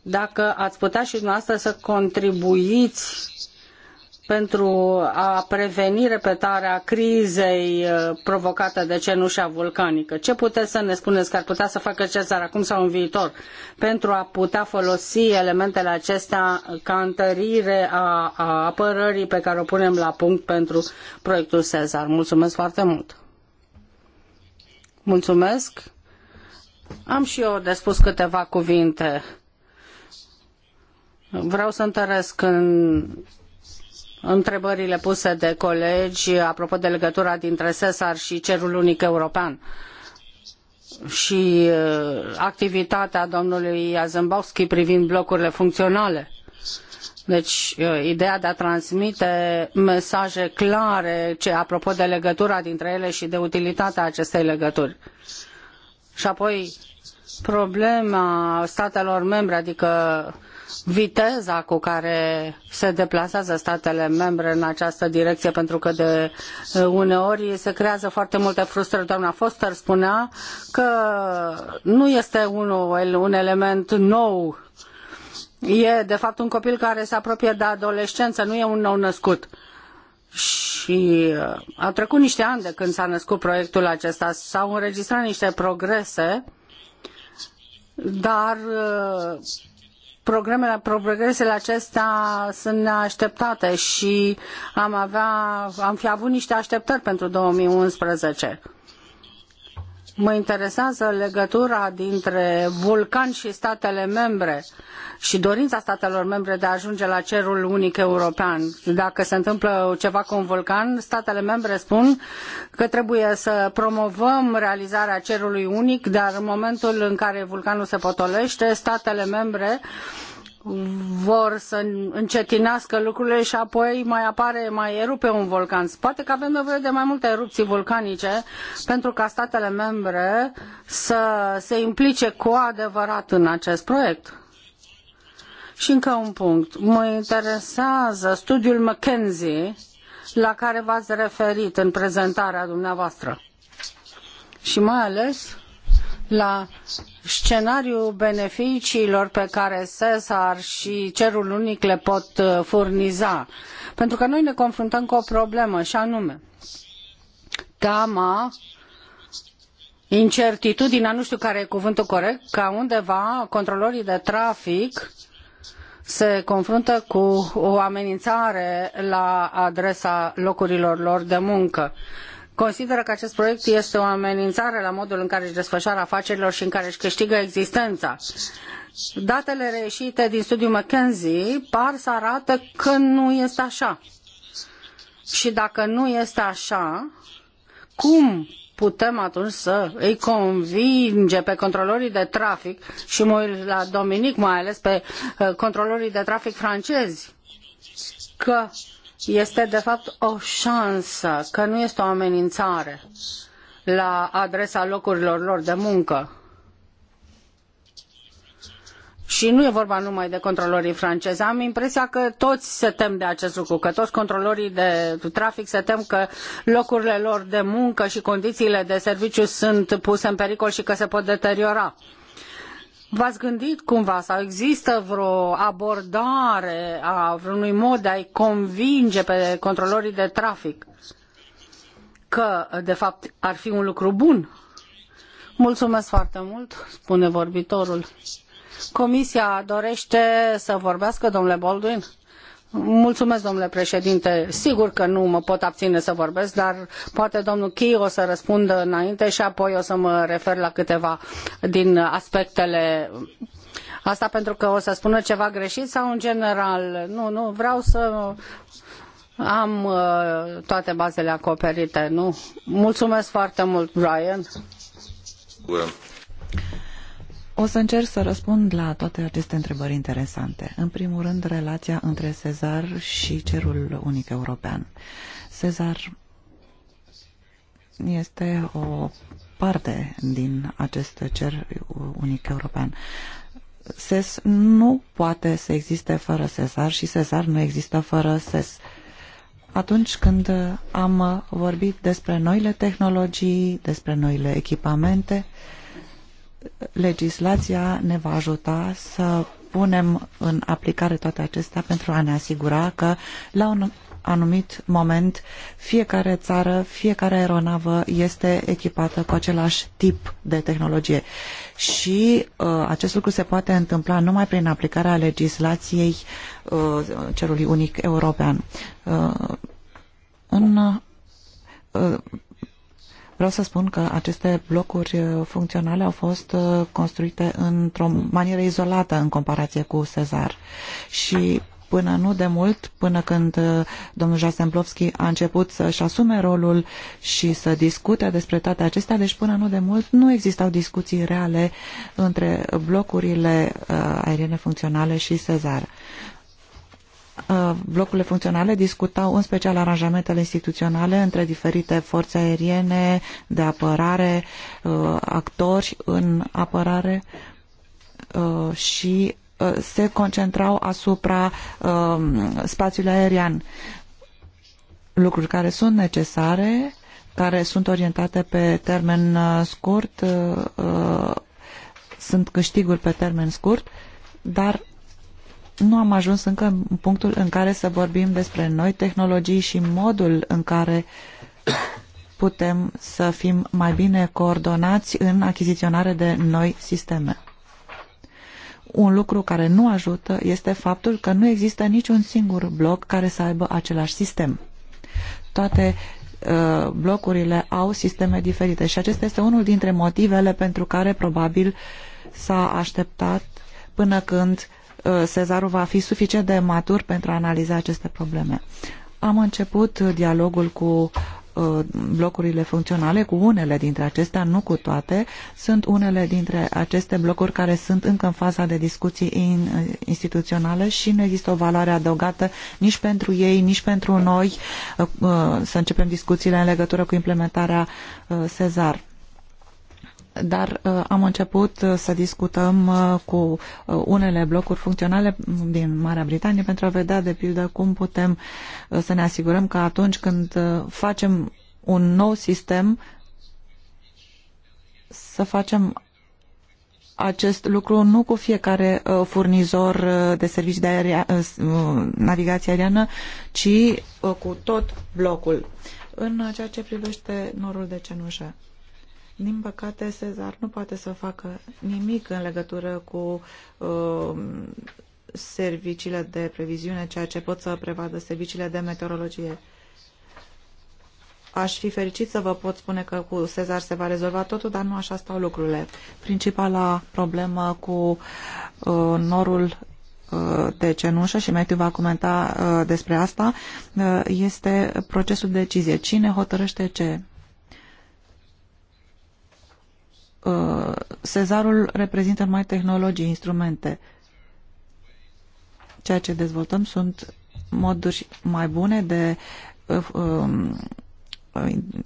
D: dacă ați putea și dumneavoastră să contribuiți pentru a preveni repetarea crizei uh, provocată de cenușa vulcanică. Ce puteți să ne spuneți că ar putea să facă Cezar acum sau în viitor pentru a putea folosi elementele acestea ca întărire a, a apărării pe care o punem la punct pentru proiectul Cezar? Mulțumesc foarte mult! Mulțumesc. Am și eu de spus câteva cuvinte. Vreau să întăresc în întrebările puse de colegi apropo de legătura dintre SESAR și Cerul Unic European și uh, activitatea domnului Iarzembowski privind blocurile funcționale. Deci, uh, ideea de a transmite mesaje clare ce apropo de legătura dintre ele și de utilitatea acestei legături. Și apoi, problema statelor membre, adică viteza cu care se deplasează statele membre în această direcție, pentru că de uh, uneori se creează foarte multe frustrări. Doamna Foster spunea că nu este un, un element nou e de fapt un copil care se apropie de adolescență, nu e un nou născut. Și uh, au trecut niște ani de când s-a născut proiectul acesta, s-au înregistrat niște progrese, dar uh, programele, progresele acestea sunt neașteptate și am, avea, am fi avut niște așteptări pentru 2011. Mă interesează legătura dintre vulcan și statele membre și dorința statelor membre de a ajunge la cerul unic european. Dacă se întâmplă ceva cu un vulcan, statele membre spun că trebuie să promovăm realizarea cerului unic, dar în momentul în care vulcanul se potolește, statele membre vor să încetinească lucrurile și apoi mai apare, mai erupe un vulcan. Poate că avem nevoie de mai multe erupții vulcanice pentru ca statele membre să se implice cu adevărat în acest proiect. Și încă un punct. Mă interesează studiul McKenzie la care v-ați referit în prezentarea dumneavoastră. Și mai ales la scenariul beneficiilor pe care SESAR și cerul unic le pot uh, furniza. Pentru că noi ne confruntăm cu o problemă și anume teama incertitudinea, nu știu care e cuvântul corect, ca undeva controlorii de trafic se confruntă cu o amenințare la adresa locurilor lor de muncă consideră că acest proiect este o amenințare la modul în care își desfășoară afacerilor și în care își câștigă existența. Datele reieșite din studiul McKenzie par să arată că nu este așa. Și dacă nu este așa, cum putem atunci să îi convinge pe controlorii de trafic și mă uit la Dominic mai ales pe uh, controlorii de trafic francezi că este de fapt o șansă, că nu este o amenințare la adresa locurilor lor de muncă. Și nu e vorba numai de controlorii francezi. Am impresia că toți se tem de acest lucru, că toți controlorii de trafic se tem că locurile lor de muncă și condițiile de serviciu sunt puse în pericol și că se pot deteriora. V-ați gândit cumva sau există vreo abordare a vreunui mod de a-i convinge pe controlorii de trafic că, de fapt, ar fi un lucru bun? Mulțumesc foarte mult, spune vorbitorul. Comisia dorește să vorbească, domnule Baldwin? Mulțumesc, domnule președinte. Sigur că nu mă pot abine să vorbesc, dar poate domnul Chi o să răspundă înainte și apoi o să mă refer la câteva din aspectele Asta pentru că o să spună ceva greșit sau în general? Nu, nu, vreau să am uh, toate bazele acoperite, nu? Mulțumesc foarte mult, Brian.
A: O să încerc să răspund la toate aceste întrebări interesante. În primul rând, relația între Cezar și Cerul Unic European. Cezar este o parte din acest cer unic european. SES nu poate să existe fără Cezar și Cezar nu există fără SES. Atunci când am vorbit despre noile tehnologii, despre noile echipamente, uh, legislația ne va ajuta să punem în aplicare toate acestea pentru a ne asigura că la un anumit moment fiecare țară, fiecare aeronavă este echipată cu același tip de tehnologie. Și uh, acest lucru se poate întâmpla numai prin aplicarea legislației uh, cerului unic european. Uh, în uh, Vreau să spun că aceste blocuri uh, funcționale au fost uh, construite într-o manieră izolată în comparație cu Cezar și până nu de mult, până când uh, domnul Jasemplovski a început să-și asume rolul și să discute despre toate acestea, deci până nu de mult nu existau discuții reale între blocurile aeriene funcționale și Cezar. Uh, blocurile funcționale discutau în special aranjamentele instituționale între diferite forțe aeriene de apărare, uh, actori în apărare uh, și se concentrau asupra spațiului aerian. Lucruri care sunt necesare, care sunt orientate pe termen scurt, sunt câștiguri pe termen scurt, dar nu am ajuns încă în punctul în care să vorbim despre noi tehnologii și modul în care putem să fim mai bine coordonați în achiziționare de noi sisteme. Un lucru care nu ajută este faptul că nu există niciun singur bloc care să aibă același sistem. Toate uh, blocurile au sisteme diferite și acesta este unul dintre motivele pentru care probabil s-a așteptat până când Sezaru uh, va fi suficient de matur pentru a analiza aceste probleme. Am început dialogul cu uh, blocurile funcționale, cu unele dintre acestea, nu cu toate. Sunt unele dintre aceste blocuri care sunt încă în faza de discuții uh, instituționale și nu există o valoare adăugată nici pentru ei, nici pentru noi să începem discuțiile în legătură cu implementarea Sezar dar uh, am început uh, să discutăm uh, cu unele blocuri funcționale mm, din Marea Britanie pentru a vedea, de pildă, cum putem să ne asigurăm că atunci când facem un nou sistem, să facem acest lucru nu cu fiecare furnizor de servicii de uh, navigație aeriană, ci cu tot blocul. În ceea ce privește norul de cenușă. Din păcate, Cezar nu poate să facă nimic în legătură cu uh, serviciile de previziune, ceea ce pot să prevadă serviciile de meteorologie. Aș fi fericit să vă pot spune că cu Cezar se va rezolva totul, dar nu așa stau lucrurile. Principala problemă cu uh, norul uh, de cenușă și Matthew va comenta uh, despre asta, uh, este procesul de decizie. Cine hotărăște ce? Uh, Sezarul reprezintă mai tehnologii, instrumente. Ceea ce dezvoltăm sunt moduri mai bune de uh, um,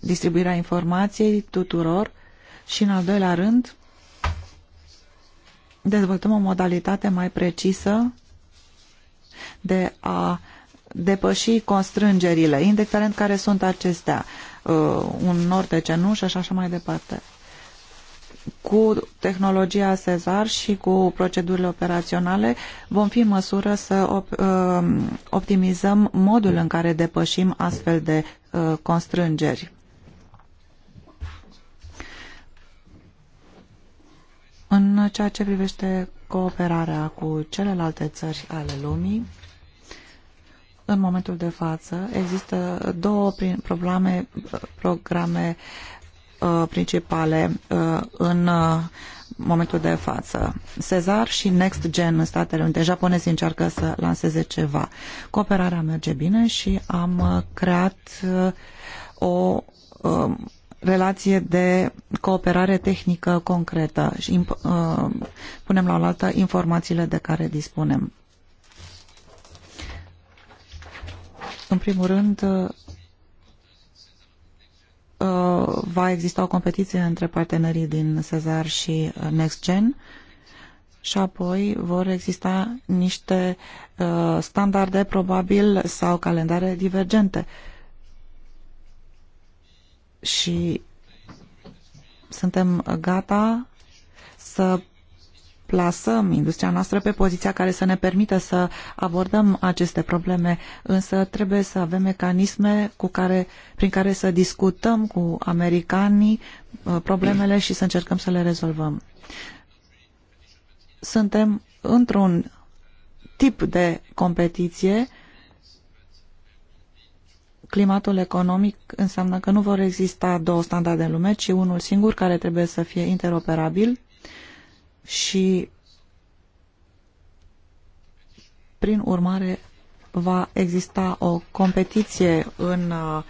A: distribuirea informației tuturor și, în al doilea rând, dezvoltăm o modalitate mai precisă de a depăși constrângerile, indiferent care sunt acestea, uh, un nor de cenușă și așa mai departe cu tehnologia Sezar și cu procedurile operaționale vom fi în măsură să uh, optimizăm modul în care depășim astfel de uh, constrângeri. În ceea ce privește cooperarea cu celelalte țări ale lumii, în momentul de față există două programe, uh, programe Uh, principale uh, în uh, momentul de față. Cezar și Next Gen în Statele Unite. Japonezii încearcă să lanseze ceva. Cooperarea merge bine și am creat o um, relație de cooperare tehnică concretă și punem la oaltă informațiile de care dispunem. În primul rând, Uh, va exista o competiție între partenerii din Cezar și uh, NextGen și apoi vor exista niște uh, standarde probabil sau calendare divergente. Și suntem gata să plasăm industria noastră pe poziția care să ne permită să abordăm aceste probleme, însă trebuie să avem mecanisme cu care, prin care să discutăm cu americanii uh, problemele și să încercăm să le rezolvăm. Suntem într-un tip de competiție climatul economic înseamnă că nu vor exista două standarde în lume, ci unul singur care trebuie să fie interoperabil și prin urmare va exista o competiție în uh,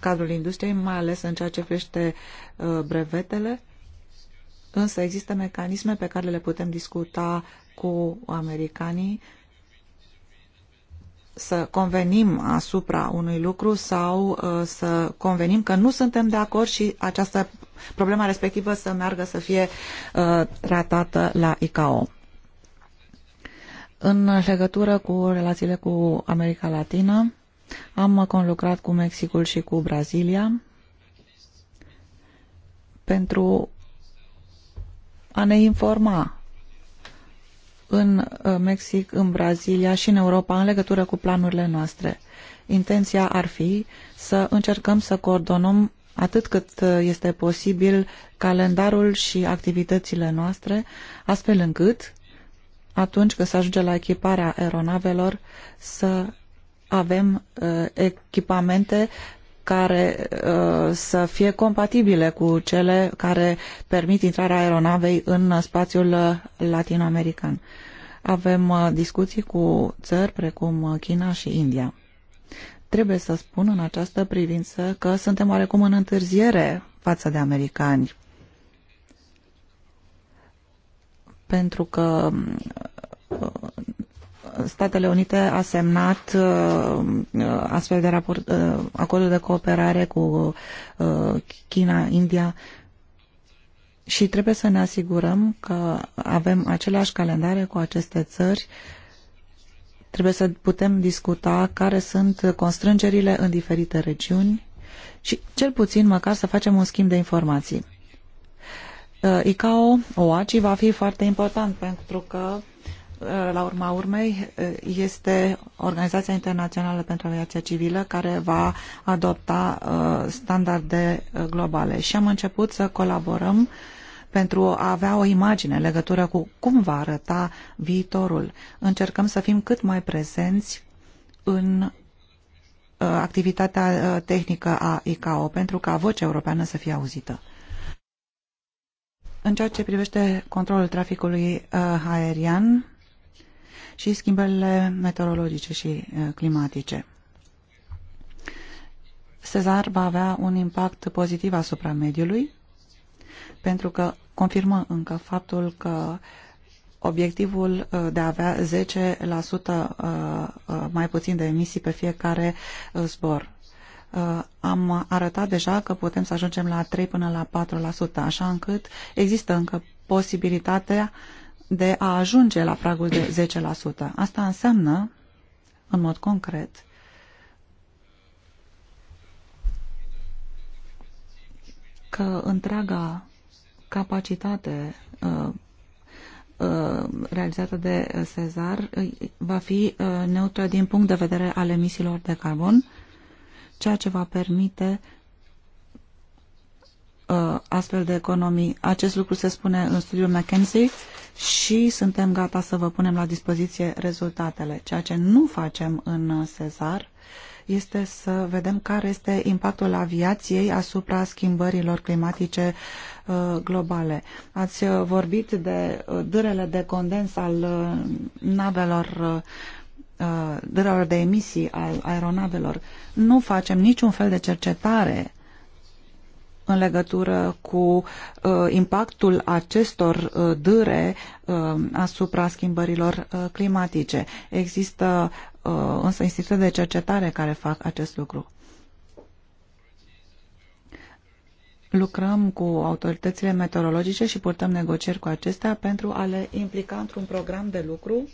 A: cadrul industriei, mai ales în ceea ce privește uh, brevetele, însă există mecanisme pe care le putem discuta cu americanii să convenim asupra unui lucru sau uh, să convenim că nu suntem de acord și această problema respectivă să meargă să fie uh, tratată la ICAO. În legătură cu relațiile cu America Latină, am conlucrat cu Mexicul și cu Brazilia pentru a ne informa în uh, Mexic, în Brazilia și în Europa în legătură cu planurile noastre. Intenția ar fi să încercăm să coordonăm atât cât uh, este posibil calendarul și activitățile noastre, astfel încât, atunci când se ajunge la echiparea aeronavelor, să avem uh, echipamente care uh, să fie compatibile cu cele care permit intrarea aeronavei în spațiul uh, latinoamerican. Avem uh, discuții cu țări precum China și India. Trebuie să spun în această privință că suntem oarecum în întârziere față de americani. Pentru că Statele Unite a semnat uh, uh, astfel de raport, uh, acordul de cooperare cu China, India și trebuie să ne asigurăm că avem aceleași calendare cu aceste țări trebuie să putem discuta care sunt constrângerile în diferite regiuni și cel puțin măcar să facem un schimb de informații. ICAO, OACI va fi foarte important pentru că la urma urmei, este Organizația Internațională pentru Aviația Civilă care va adopta uh, standarde uh, globale și am început să colaborăm pentru a avea o imagine în legătură cu cum va arăta viitorul. Încercăm să fim cât mai prezenți în uh, activitatea tehnică a ICAO pentru ca vocea europeană să fie auzită. În ceea ce privește controlul traficului aerian, și schimbările meteorologice și uh, climatice. Cezar va avea un impact pozitiv asupra mediului, pentru că confirmă încă faptul că obiectivul uh, de a avea 10% uh, mai puțin de emisii pe fiecare zbor. Am arătat deja că putem să ajungem la 3 până la 4%, așa încât există încă posibilitatea de a ajunge la pragul de 10%. Asta înseamnă, în mod concret, că întreaga capacitate uh, uh realizată de Cezar uh, va fi uh, neutră din punct de vedere al emisiilor de carbon, ceea ce va permite uh, astfel de economii. Acest lucru se spune în studiul McKenzie și suntem gata să vă punem la dispoziție rezultatele. Ceea ce nu facem în Cezar este să vedem care este impactul aviației asupra schimbărilor climatice uh, globale. Ați uh, vorbit de uh, dârele de condens al navelor dârelor de emisii al aeronavelor. Nu facem niciun fel de cercetare în legătură cu uh, impactul acestor uh, dâre uh, asupra schimbărilor uh, climatice. Există uh, însă institute de cercetare care fac acest lucru. Lucrăm cu autoritățile meteorologice și purtăm negocieri cu acestea pentru a le implica într-un program de lucru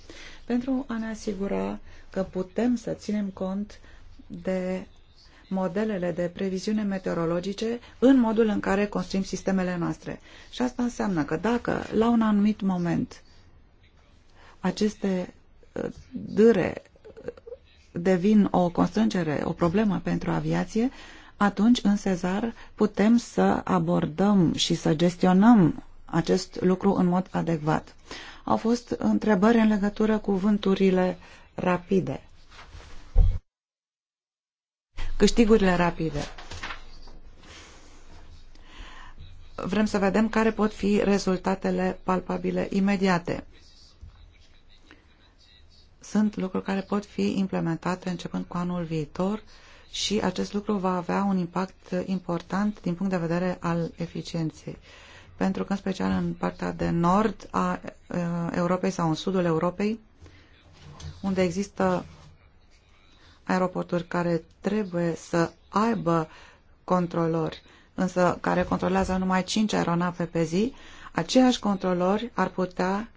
A: pentru a ne asigura că putem să ținem cont de modelele de previziune meteorologice în modul în care construim sistemele noastre. Și asta înseamnă că dacă la un anumit moment aceste uh, dâre uh, devin o constrângere, o problemă pentru aviație, atunci în Sezar putem să abordăm și să gestionăm acest lucru în mod adecvat. Au fost întrebări în legătură cu vânturile rapide câștigurile rapide. Vrem să vedem care pot fi rezultatele palpabile imediate. Sunt lucruri care pot fi implementate începând cu anul viitor și acest lucru va avea un impact important din punct de vedere al eficienței pentru că în special în partea de nord a uh, Europei sau în sudul Europei, unde există aeroporturi care trebuie să aibă controlori, însă care controlează numai 5 aeronave pe zi, aceiași controlori ar putea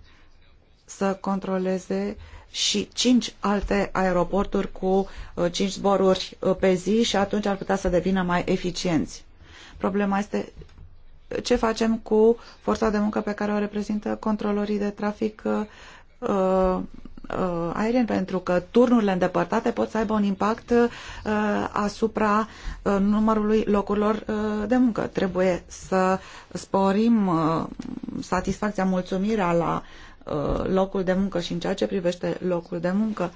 A: să controleze și cinci alte aeroporturi cu uh, cinci zboruri uh, pe zi și atunci ar putea să devină mai eficienți. Problema este uh, ce facem cu forța de muncă pe care o reprezintă controlorii de trafic Uh, aerien pentru că turnurile îndepărtate pot să aibă un impact uh, asupra uh, numărului locurilor de muncă. Trebuie să sporim satisfacția, mulțumirea la locul de muncă și în ceea ce privește locul de muncă.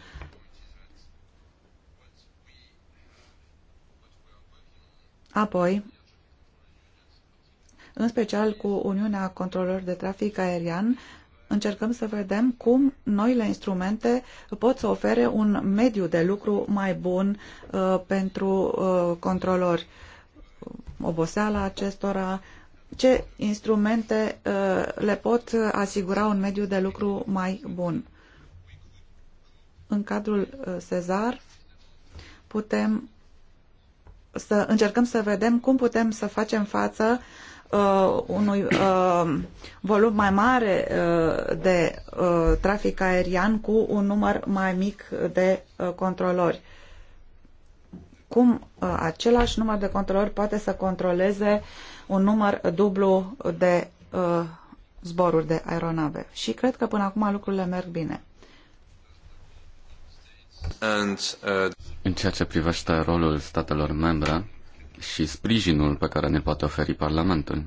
A: Apoi, în special cu Uniunea controlor de Trafic Aerian, încercăm să vedem cum noile instrumente pot să ofere un mediu de lucru mai bun uh, pentru uh, controlori. Oboseala acestora, ce instrumente uh, le pot asigura un mediu de lucru mai bun. În cadrul uh, Cezar putem să încercăm să vedem cum putem să facem față uh, unui uh, volum mai mare uh, de uh, trafic aerian cu un număr mai mic de uh, controlori. Cum uh, același număr de controlori poate să controleze un număr dublu de uh, zboruri de aeronave? Și cred că până acum lucrurile merg bine.
C: And, uh... În ceea ce privește rolul statelor membre, și sprijinul pe care ne poate oferi Parlamentul.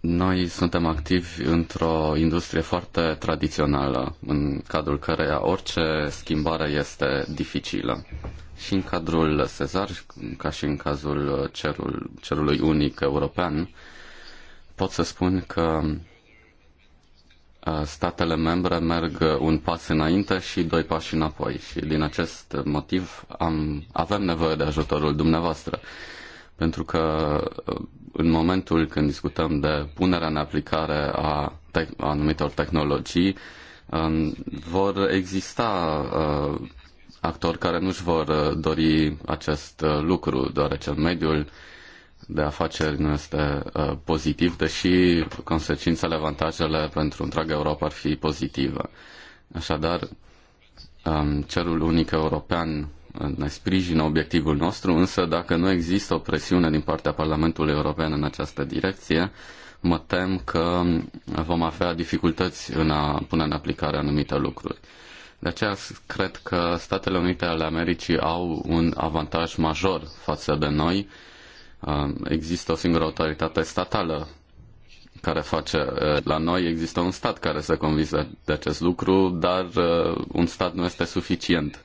C: Noi suntem activi într-o industrie foarte tradițională, în cadrul căreia orice schimbare este dificilă. Și în cadrul Sezar, ca și în cazul cerul, cerului unic european, pot să spun că Uh, statele membre merg uh, un pas înainte și doi pași înapoi și din acest motiv am, avem nevoie de ajutorul dumneavoastră. Pentru că uh, în momentul când discutăm de punerea în aplicare a te- a anumitor tehnologii, um, vor exista actori care nu-și vor dori acest lucru, deoarece mediul uh, de afaceri nu este uh, pozitiv, deși consecințele, avantajele pentru întreaga Europa ar fi pozitive. Așadar, um, cerul unic european uh, ne sprijină obiectivul nostru, însă dacă nu există o presiune din partea Parlamentului European în această direcție, mă tem că vom avea dificultăți în a pune în aplicare anumite lucruri. De aceea cred că Statele Unite ale Americii au un avantaj major față de noi Um, există o singură autoritate statală care face. Uh, la noi există un stat care se convinge de acest lucru, dar uh, un stat nu este suficient.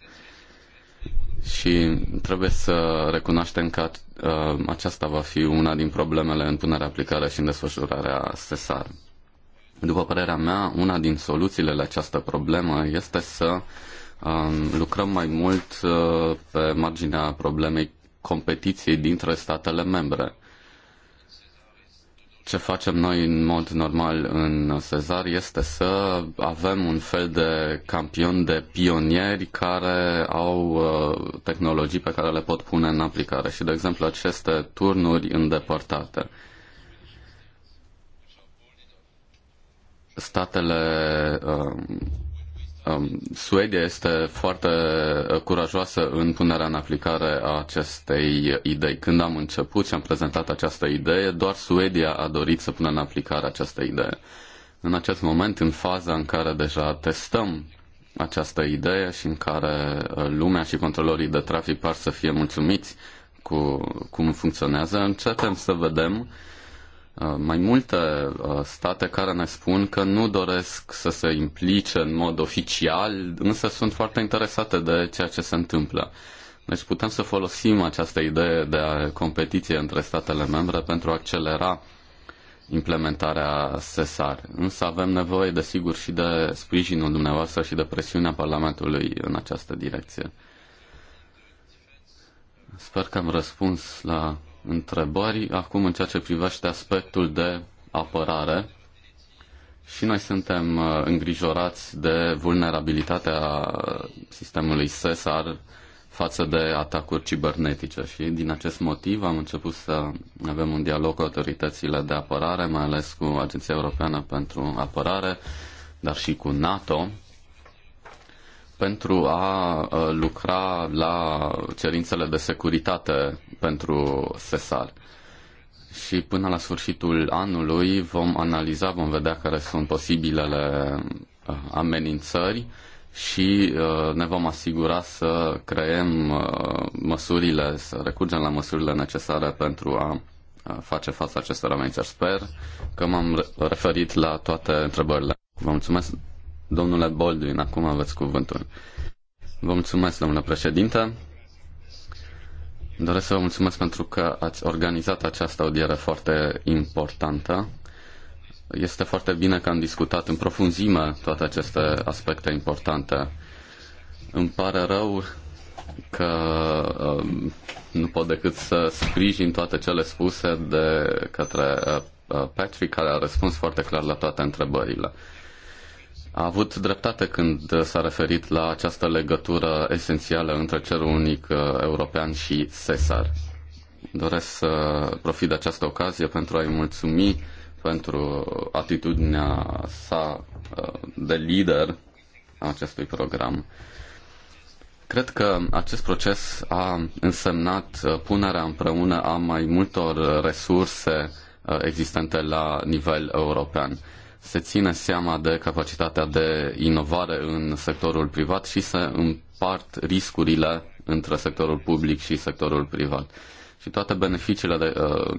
C: Și trebuie să recunoaștem că uh, aceasta va fi una din problemele în punerea aplicare și în desfășurarea SESAR. După părerea mea, una din soluțiile la această problemă este să um, lucrăm mai mult pe marginea problemei competiției dintre statele membre. Ce facem noi în mod normal în Sezar este să avem un fel de campion de pionieri care au uh, tehnologii pe care le pot pune în aplicare și, de exemplu, aceste turnuri îndepărtate. Statele uh, Um, Suedia este foarte uh, curajoasă în punerea în aplicare a acestei idei. Când am început și am prezentat această idee, doar Suedia a dorit să pună în aplicare această idee. În acest moment, în faza în care deja testăm această idee și în care uh, lumea și controlorii de trafic par să fie mulțumiți cu cum funcționează, începem să vedem uh, Uh, mai multe uh, state care ne spun că nu doresc să se implice în mod oficial, însă sunt foarte interesate de ceea ce se întâmplă. Deci putem să folosim această idee de competiție între statele membre pentru a accelera implementarea SESAR. Însă avem nevoie, desigur, și de sprijinul dumneavoastră și de presiunea Parlamentului în această direcție. Sper că am răspuns la întrebări. Acum, în ceea ce privește aspectul de apărare, și noi suntem uh, îngrijorați de vulnerabilitatea sistemului SESAR față de atacuri cibernetice și din acest motiv am început să avem un dialog cu autoritățile de apărare, mai ales cu Agenția Europeană pentru Apărare, dar și cu NATO, pentru a lucra la cerințele de securitate pentru SESAR. Și până la sfârșitul anului vom analiza, vom vedea care sunt posibilele amenințări și ne vom asigura să creăm măsurile, să recurgem la măsurile necesare pentru a face față acestor amenințări. Sper că m-am referit la toate întrebările. Vă mulțumesc! Domnule Baldwin, acum aveți cuvântul. Vă mulțumesc, domnule președinte. Doresc să vă mulțumesc pentru că ați organizat această audiere foarte importantă. Este foarte bine că am discutat în profunzime toate aceste aspecte importante. Îmi pare rău că um, nu pot decât să sprijin toate cele spuse de către uh, uh, Patrick, care a răspuns foarte clar la toate întrebările a avut dreptate când uh, s-a referit la această legătură esențială între cerul unic uh, european și Cesar. Doresc să profit de această ocazie pentru a-i mulțumi pentru atitudinea sa uh, de lider a acestui program. Cred că acest proces a însemnat punerea împreună a mai multor resurse existente la nivel european se ține seama de capacitatea de inovare în sectorul privat și să împart riscurile între sectorul public și sectorul privat. Și toate beneficiile de, uh,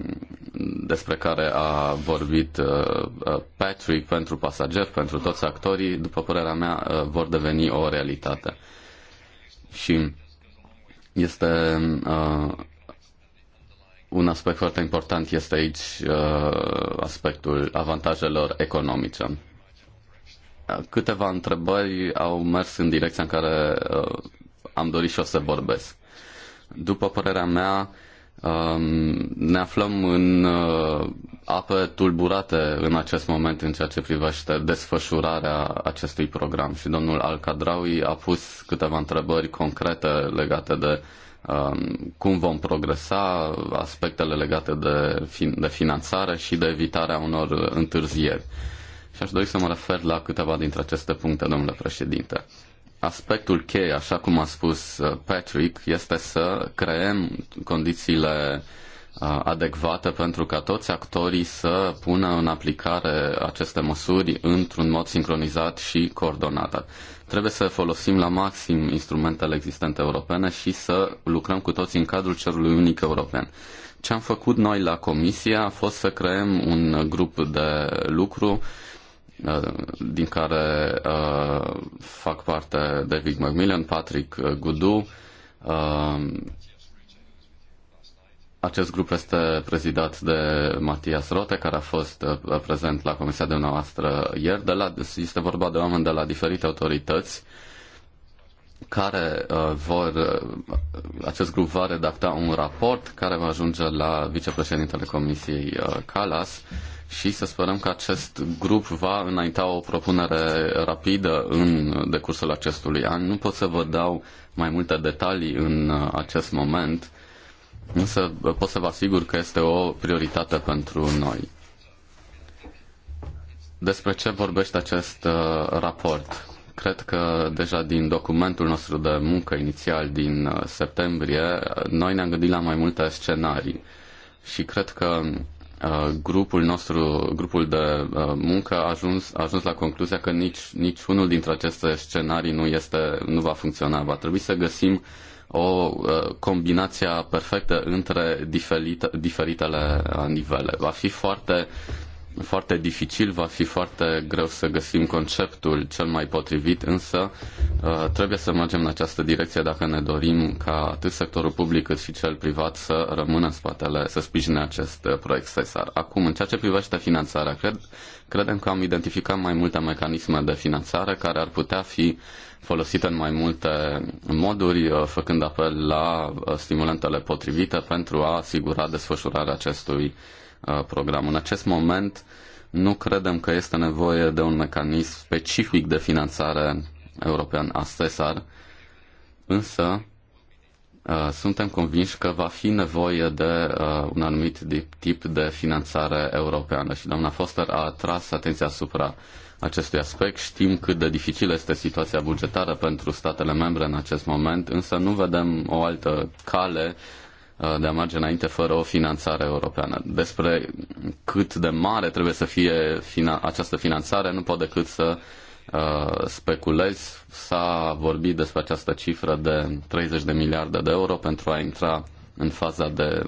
C: despre care a vorbit uh, uh, Patrick pentru pasageri, pentru toți actorii, după părerea mea, vor deveni o realitate. Și este un aspect foarte important este aici uh, aspectul avantajelor economice. Câteva întrebări au mers în direcția în care uh, am dorit și o să vorbesc. După părerea mea, um, ne aflăm în uh, ape tulburate în acest moment în ceea ce privește desfășurarea acestui program și domnul Alcadraui a pus câteva întrebări concrete legate de uh, Um, cum vom progresa, aspectele legate de, fin- de finanțare și de evitarea unor întârzieri. Și aș dori să mă refer la câteva dintre aceste puncte, domnule președinte. Aspectul cheie, așa cum a spus uh, Patrick, este să creăm condițiile uh, adecvate pentru ca toți actorii să pună în aplicare aceste măsuri într-un mod sincronizat și coordonat. Trebuie să folosim la maxim instrumentele existente europene și să lucrăm cu toți în cadrul cerului unic european. Ce am făcut noi la Comisie a fost să creăm un grup de lucru uh, din care uh, fac parte David McMillan, Patrick uh, Gudu, acest grup este prezidat de Matias Rote, care a fost uh, prezent la comisia de dumneavoastră ieri. De la, este vorba de oameni de la diferite autorități care uh, vor, uh, acest grup va redacta un raport care va ajunge la vicepreședintele Comisiei Calas și să sperăm că acest grup va înainta o propunere rapidă în decursul acestui an. Nu pot să vă dau mai multe detalii în acest moment, însă pot să vă asigur că este o prioritate pentru noi. Despre ce vorbește acest uh, raport? Cred că deja din documentul nostru de muncă inițial din uh, septembrie, noi ne-am gândit la mai multe scenarii și cred că uh, grupul nostru, grupul de muncă a ajuns, a ajuns la concluzia că nici, nici unul dintre aceste scenarii nu, este, nu va funcționa. Va trebui să găsim uh, o uh, combinație perfectă între diferite, diferitele uh, nivele. Va fi foarte foarte dificil, va fi foarte greu să găsim conceptul cel mai potrivit, însă uh, trebuie să mergem în această direcție dacă ne dorim ca atât sectorul public cât și cel privat să rămână în spatele, să sprijine acest proiect SESAR. Acum, în ceea ce privește finanțarea, cred, credem că am identificat mai multe mecanisme de finanțare care ar putea fi folosită în mai multe moduri, uh, făcând apel la uh, stimulantele potrivite pentru a asigura desfășurarea acestui uh, program. În acest moment nu credem că este nevoie de un mecanism specific de finanțare european a SESAR, însă suntem convinși că va fi nevoie de un anumit tip de finanțare europeană și doamna Foster a atras atenția asupra uh, acestui aspect. Știm cât de dificilă este situația bugetară pentru statele membre în acest moment, însă nu vedem o altă cale uh, de a merge înainte fără o finanțare europeană. Despre cât de mare trebuie să fie fina- această finanțare, nu pot decât să uh, speculez. S-a vorbit despre această cifră de 30 de miliarde de euro pentru a intra în faza de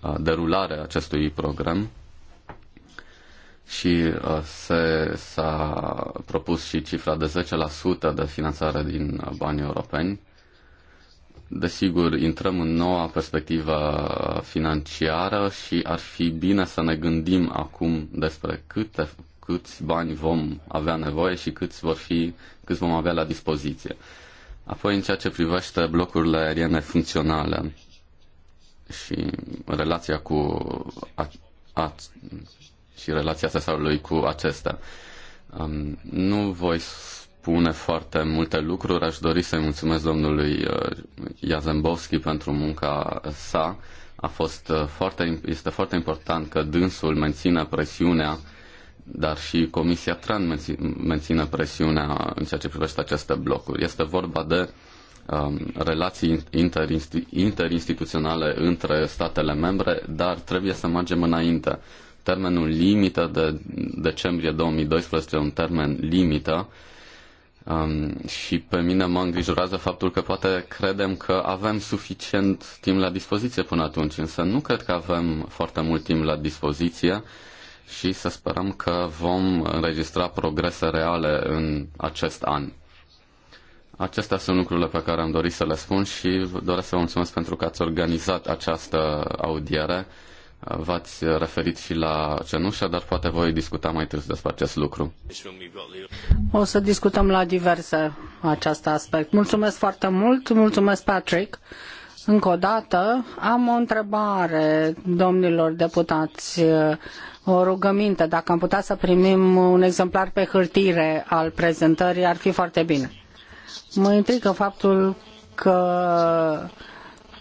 C: uh, derulare a acestui program și uh, se, s-a propus și cifra de 10% de finanțare din uh, banii europeni. Desigur, intrăm în noua perspectivă financiară și ar fi bine să ne gândim acum despre câte, câți bani vom avea nevoie și câți, vor fi, câți vom avea la dispoziție. Apoi, în ceea ce privește blocurile aeriene funcționale și relația cu a, a, și relația ssr lui cu acesta. Um, nu voi spune foarte multe lucruri. Aș dori să-i mulțumesc domnului uh, Iazembovski pentru munca sa. A fost uh, foarte, este foarte important că dânsul menține presiunea dar și Comisia Tran menține presiunea în ceea ce privește aceste blocuri. Este vorba de um, relații interinstituționale între statele membre, dar trebuie să mergem înainte. Termenul limită de decembrie 2012 un termen limită um, și pe mine mă îngrijorează faptul că poate credem că avem suficient timp la dispoziție până atunci, însă nu cred că avem foarte mult timp la dispoziție și să sperăm că vom înregistra progrese reale în acest an. Acestea sunt lucrurile pe care am dorit să le spun și doresc să vă mulțumesc pentru că ați organizat această audiere V-ați referit și la cenușă, dar poate voi discuta mai târziu despre acest lucru.
D: O să discutăm la diverse acest aspect. Mulțumesc foarte mult, mulțumesc Patrick. Încă o dată am o întrebare domnilor deputați, o rugăminte. Dacă am putea să primim un exemplar pe hârtire al prezentării, ar fi foarte bine. Mă intrigă faptul că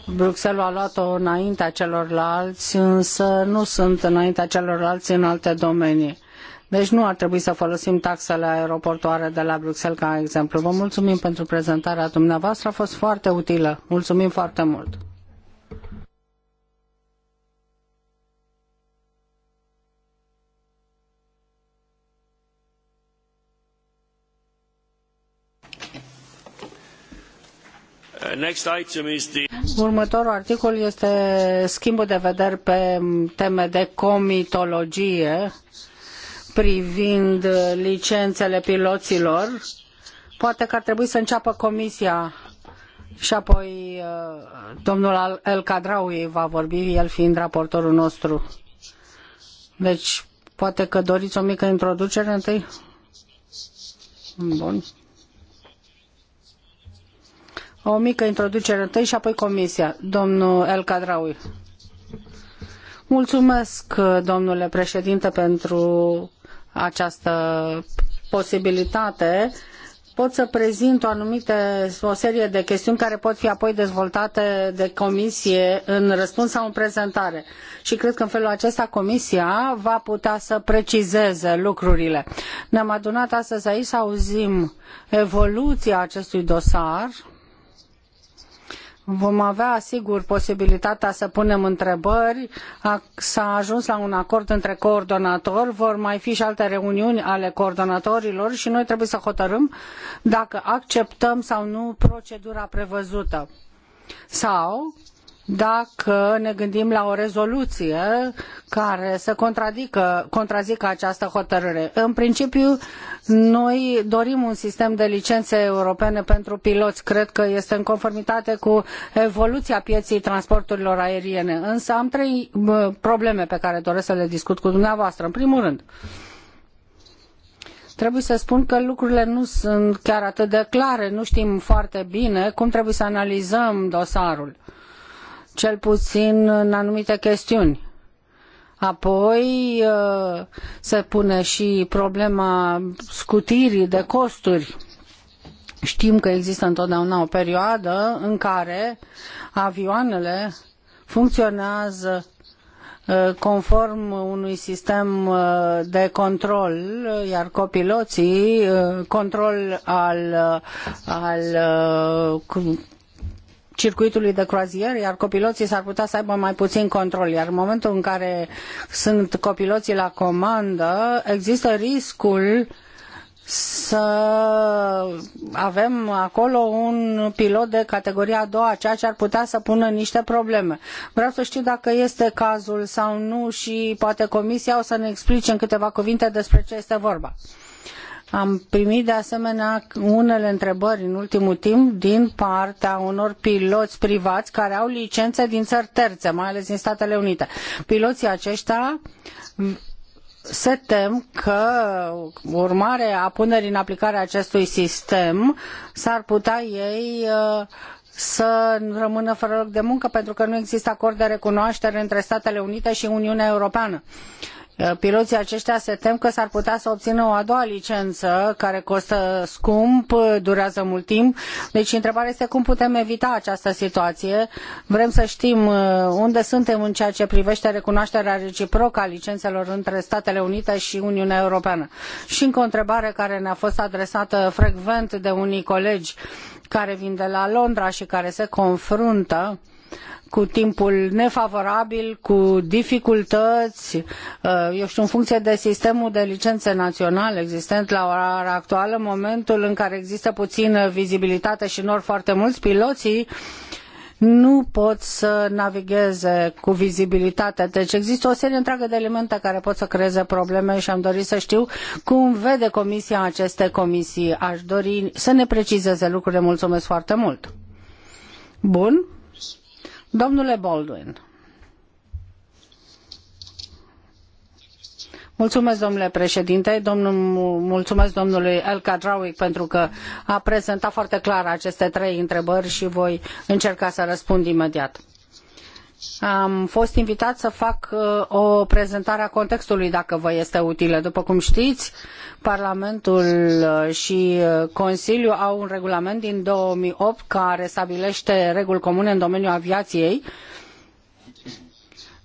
D: Bruxelles a luat-o înaintea celorlalți, însă nu sunt înaintea celorlalți în alte domenii. Deci nu ar trebui să folosim taxele aeroportoare de la Bruxelles ca exemplu. Vă mulțumim pentru prezentarea dumneavoastră, a fost foarte utilă. Mulțumim foarte mult! Următorul articol este schimbul de vederi pe teme de comitologie privind licențele piloților. Poate că ar trebui să înceapă comisia și apoi uh, domnul El Cadraui va vorbi, el fiind raportorul nostru. Deci, poate că doriți o mică introducere întâi? Bun. O mică introducere întâi și apoi comisia. Domnul El Cadraui. Mulțumesc, domnule președinte, pentru această posibilitate. Pot să prezint o anumite, o serie de chestiuni care pot fi apoi dezvoltate de comisie în răspuns sau în prezentare. Și cred că în felul acesta comisia va putea să precizeze lucrurile. Ne-am adunat astăzi aici să auzim evoluția acestui dosar, Vom avea, sigur, posibilitatea să punem întrebări. S-a ajuns la un acord între coordonatori, vor mai fi și alte reuniuni ale coordonatorilor și noi trebuie să hotărâm dacă acceptăm sau nu procedura prevăzută. Sau dacă ne gândim la o rezoluție care să contradică, contrazică această hotărâre. În principiu, noi dorim un sistem de licențe europene pentru piloți. Cred că este în conformitate cu evoluția pieței transporturilor aeriene. Însă am trei probleme pe care doresc să le discut cu dumneavoastră. În primul rând, trebuie să spun că lucrurile nu sunt chiar atât de clare, nu știm foarte bine cum trebuie să analizăm dosarul. Uh, cel puțin în anumite chestiuni. Apoi uh, se pune și problema scutirii de costuri. Știm că există întotdeauna o perioadă în care avioanele funcționează uh, conform unui sistem uh, de control, iar copiloții control al, al circuitului de croazier, iar copiloții s-ar putea să aibă mai puțin control. Iar în momentul în care sunt copiloții la comandă, există riscul să avem acolo un pilot de categoria a doua, ceea ce ar putea să pună niște probleme. Vreau să știu dacă este cazul sau nu și poate comisia o să ne explice în câteva cuvinte despre ce este vorba. Am primit de asemenea unele întrebări în ultimul timp din partea unor piloți privați care au licențe din țări terțe, mai ales din Statele Unite. Piloții aceștia se tem că urmare a punerii în aplicare a acestui sistem s-ar putea ei uh, să rămână fără loc de muncă pentru că nu există acord de recunoaștere între Statele Unite și Uniunea Europeană. Uh, piloții aceștia se tem că s-ar putea să obțină o a doua licență care costă scump, durează mult timp. Deci întrebarea este cum putem evita această situație. Vrem să știm uh, unde suntem în ceea ce privește recunoașterea reciprocă a licențelor între Statele Unite și Uniunea Europeană. Și încă o întrebare care ne-a fost adresată frecvent de unii colegi care vin de la Londra și care se confruntă cu timpul nefavorabil, cu dificultăți, uh, eu știu, în funcție de sistemul de licențe național existent la ora actuală, în momentul în care există puțină vizibilitate și nor foarte mulți piloții, nu pot să navigheze cu vizibilitate. Deci există o serie întreagă de elemente care pot să creeze probleme și am dorit să știu cum vede Comisia aceste comisii. Aș dori să ne precizeze lucrurile. Mulțumesc foarte mult! Bun, Domnule Baldwin. domnule președinte, domnul, mulțumesc domnului El khadraoui pentru că a prezentat foarte clar aceste trei întrebări și voi încerca să răspund imediat. Am fost invitat să fac uh, o prezentare a contextului, dacă vă este utilă. După cum știți, Parlamentul uh, și uh, Consiliul au un regulament din 2008 care stabilește reguli comune în domeniul aviației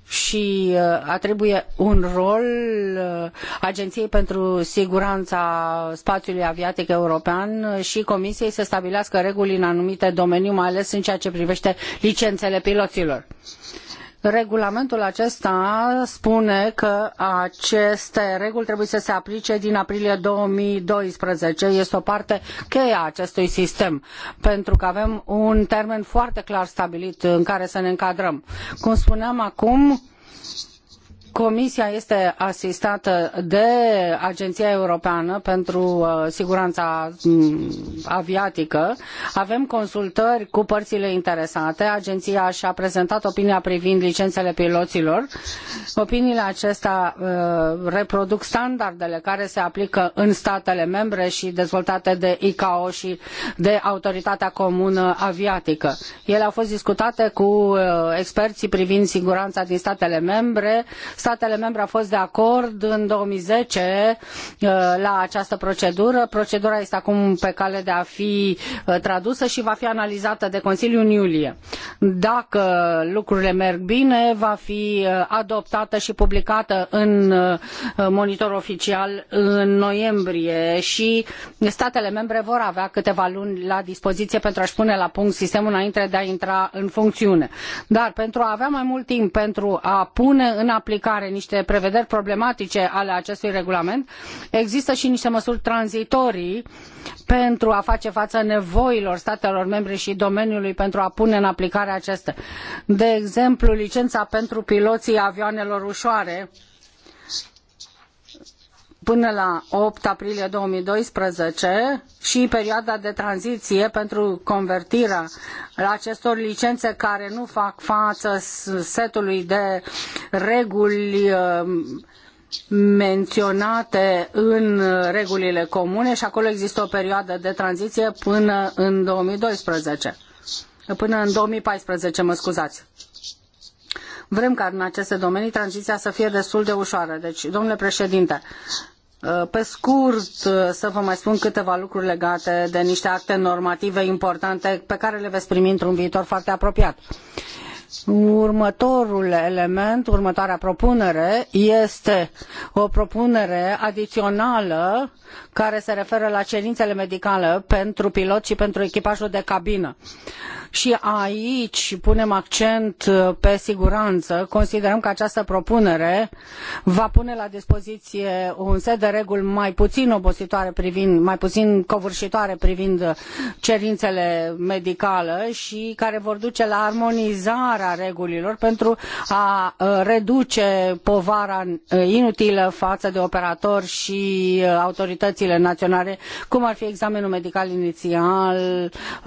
D: și uh, atribuie un rol Agenției pentru Siguranța Spațiului Aviatic European și Comisiei să stabilească reguli în anumite domenii, mai ales în ceea ce privește licențele piloților. Regulamentul acesta spune că aceste reguli trebuie să se aplice din aprilie 2012. Este o parte cheie a acestui sistem, pentru că avem un termen foarte clar stabilit în care să ne încadrăm. Cum spuneam acum, Comisia este asistată de Agenția Europeană pentru uh, Siguranța mm, Aviatică. Avem consultări cu părțile interesate. Agenția și-a prezentat opinia privind licențele piloților. Opiniile acestea uh, reproduc standardele care se aplică în statele membre și dezvoltate de ICAO și de Autoritatea Comună Aviatică. Ele au fost discutate cu uh, experții privind siguranța din statele membre statele membre au fost de acord în 2010 uh, la această procedură. Procedura este acum pe cale de a fi uh, tradusă și va fi analizată de Consiliu în iulie. Dacă lucrurile merg bine, va fi uh, adoptată și publicată în monitor oficial în noiembrie și statele membre vor avea câteva luni la dispoziție pentru a-și pune la punct sistemul înainte de a intra în funcțiune. Dar pentru a avea mai mult timp pentru a pune în aplicare aplicare niște prevederi problematice ale acestui regulament, există și niște măsuri tranzitorii pentru a face față nevoilor statelor membre și domeniului pentru a pune în aplicare acestea. De exemplu, licența pentru piloții avioanelor ușoare, până la 8 aprilie 2012 și perioada de tranziție pentru convertirea acestor licențe care nu fac față setului de reguli uh, menționate în regulile comune și acolo există o perioadă de tranziție până în 2012. Până în 2014, mă scuzați. Vrem ca în aceste domenii tranziția să fie destul de ușoară. Deci, domnule președinte, Uh, pe scurt, uh, să vă mai spun câteva lucruri legate de niște acte normative importante pe care le veți primi într-un viitor foarte apropiat. Următorul element, următoarea propunere este o propunere adițională care se referă la cerințele medicale pentru pilot și pentru echipajul de cabină și aici punem accent uh, pe siguranță. Considerăm că această propunere va pune la dispoziție un set de reguli mai puțin obositoare privind, mai puțin covârșitoare privind uh, cerințele medicale și care vor duce la armonizarea regulilor pentru a uh, reduce povara inutilă față de operatori și autoritățile naționale, cum ar fi examenul medical inițial,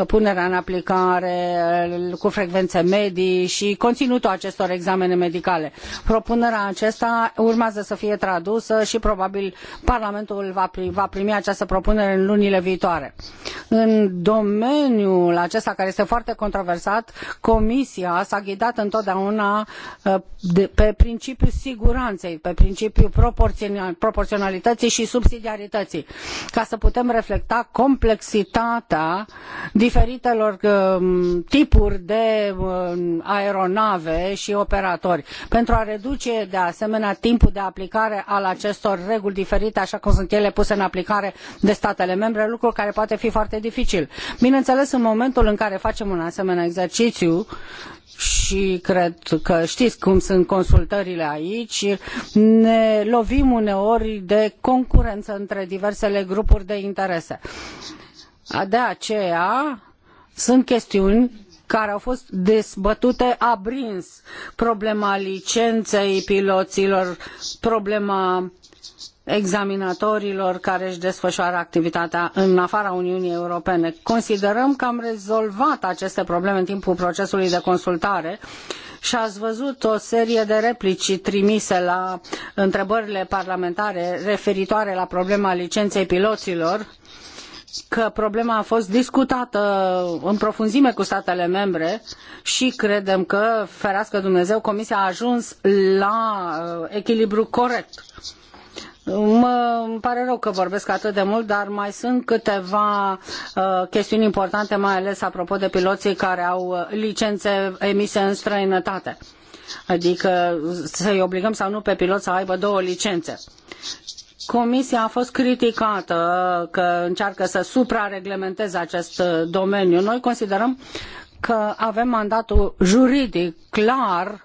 D: punerea în aplicare examene cu frecvențe medii și conținutul acestor examene medicale. Propunerea aceasta urmează să fie tradusă și probabil Parlamentul va, va primi această propunere în lunile viitoare. În domeniul acesta care este foarte controversat, Comisia s-a ghidat întotdeauna uh, pe principiul siguranței, pe principiul proporționalității și subsidiarității, ca să putem reflecta complexitatea diferitelor uh, tipuri de uh, aeronave și operatori pentru a reduce de asemenea timpul de aplicare al acestor reguli diferite așa cum sunt ele puse în aplicare de statele membre, lucru care poate fi foarte dificil. Bineînțeles, în momentul în care facem un asemenea exercițiu, și cred că știți cum sunt consultările aici, ne lovim uneori de concurență între diversele grupuri de interese. De aceea, sunt chestiuni care au fost dezbătute aprins. Problema licenței piloților, problema examinatorilor care își desfășoară activitatea în afara Uniunii Europene. Considerăm că am rezolvat aceste probleme în timpul procesului de consultare și ați văzut o serie de replici trimise la întrebările parlamentare referitoare la problema licenței piloților. Uh, că problema a fost discutată în profunzime cu statele membre și credem că, ferească Dumnezeu, Comisia a ajuns la uh, echilibru corect. Mă îmi pare rău că vorbesc atât de mult, dar mai sunt câteva uh, chestiuni importante, mai ales apropo de piloții care au uh, licențe emise în străinătate. Adică să-i obligăm sau nu pe pilot să aibă două licențe. Comisia a fost criticată că încearcă să suprareglementeze acest uh, domeniu. Noi considerăm că avem mandatul juridic clar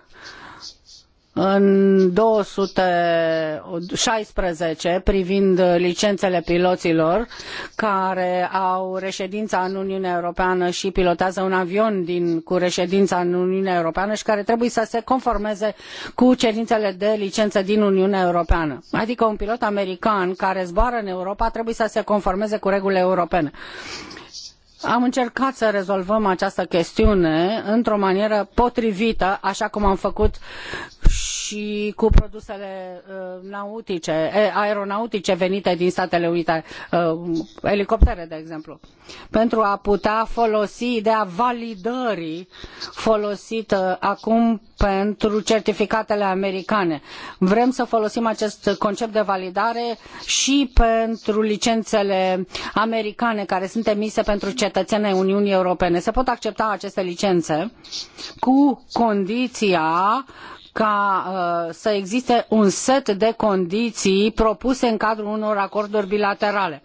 D: în 216 privind licențele piloților care au reședința în Uniunea Europeană și pilotează un avion din, cu reședința în Uniunea Europeană și care trebuie să se conformeze cu cerințele de licență din Uniunea Europeană. Adică un pilot american care zboară în Europa trebuie să se conformeze cu regulile europene. Am încercat să rezolvăm această chestiune într-o manieră potrivită, așa cum am făcut și cu produsele uh, nautice, aeronautice venite din Statele Unite, uh, elicoptere, de exemplu, pentru a putea folosi ideea validării folosită acum pentru certificatele americane. Vrem să folosim acest concept de validare și pentru licențele americane care sunt emise pentru cetățenii Uniunii Europene. Se pot accepta aceste licențe cu condiția ca uh, să existe un set de condiții propuse în cadrul unor acorduri bilaterale.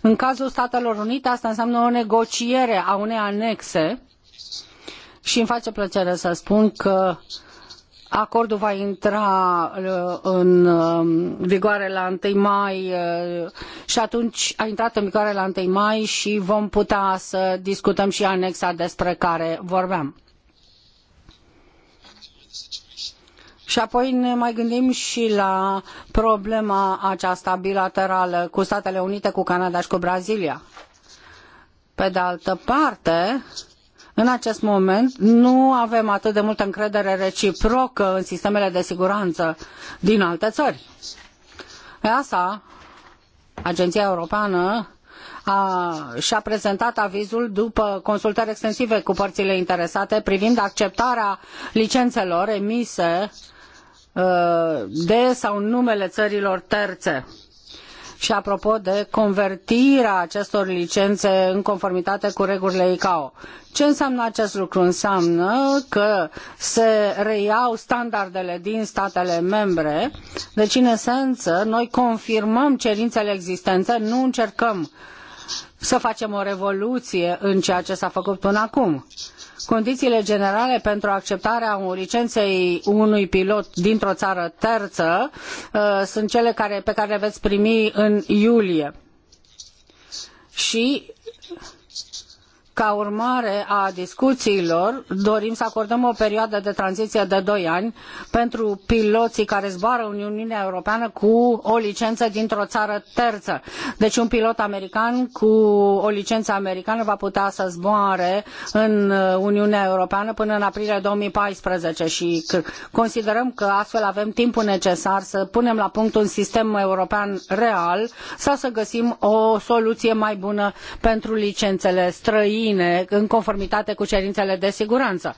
D: În cazul Statelor Unite asta înseamnă o negociere a unei anexe și îmi face plăcere să spun că acordul va intra uh, în um, vigoare la 1 mai uh, și atunci a intrat în vigoare la 1 mai și vom putea să discutăm și anexa despre care vorbeam. Și apoi ne mai gândim și la problema aceasta bilaterală cu Statele Unite, cu Canada și cu Brazilia. Pe de altă parte, în acest moment nu avem atât de multă încredere reciprocă în sistemele de siguranță din alte țări. EASA, Agenția Europeană, și-a prezentat avizul după consultări extensive cu părțile interesate privind acceptarea licențelor emise uh, Uh, de sau numele țărilor terțe. Și apropo de convertirea acestor licențe în conformitate cu regulile ICAO. Ce înseamnă acest lucru? Înseamnă că se reiau standardele din statele membre, deci în esență noi confirmăm cerințele existente, nu încercăm să facem o revoluție în ceea ce s-a făcut până acum condițiile generale pentru acceptarea licenței unui pilot dintr-o țară terță uh, sunt cele care, pe care le veți primi în iulie. Și ca urmare a discuțiilor, dorim să acordăm o perioadă de tranziție de doi ani pentru piloții care zboară în Uniunea Europeană cu o licență dintr-o țară terță. Deci un pilot american cu o licență americană va putea să zboare în Uniunea Europeană până în aprilie 2014 și considerăm că astfel avem timpul necesar să punem la punct un sistem european real sau să găsim o soluție mai bună pentru licențele străine bine, în conformitate cu cerințele de siguranță.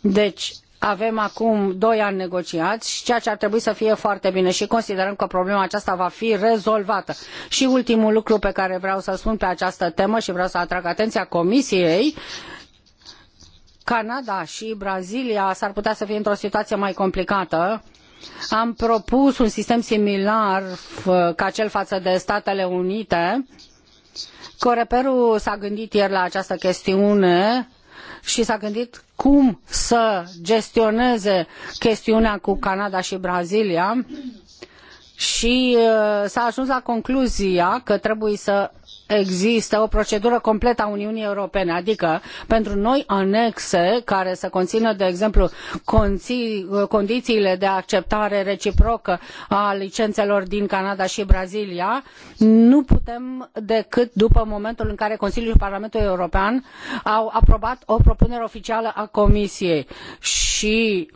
D: Deci, avem acum doi ani negociați, ceea ce ar trebui să fie foarte bine și considerăm că problema aceasta va fi rezolvată. Și ultimul lucru pe care vreau să spun pe această temă și vreau să atrag atenția Comisiei, Canada și Brazilia s-ar putea să fie într-o situație mai complicată. Am propus un sistem similar ca cel față de Statele Unite, Coreperul s-a gândit ieri la această chestiune și s-a gândit cum să gestioneze chestiunea cu Canada și Brazilia și uh, s-a ajuns la concluzia că trebuie să există o procedură completă a Uniunii Europene, adică pentru noi anexe care să conțină, de exemplu, conții, condițiile de acceptare reciprocă a licențelor din Canada și Brazilia, nu putem decât după momentul în care Consiliul și Parlamentul European au aprobat o propunere oficială a Comisiei și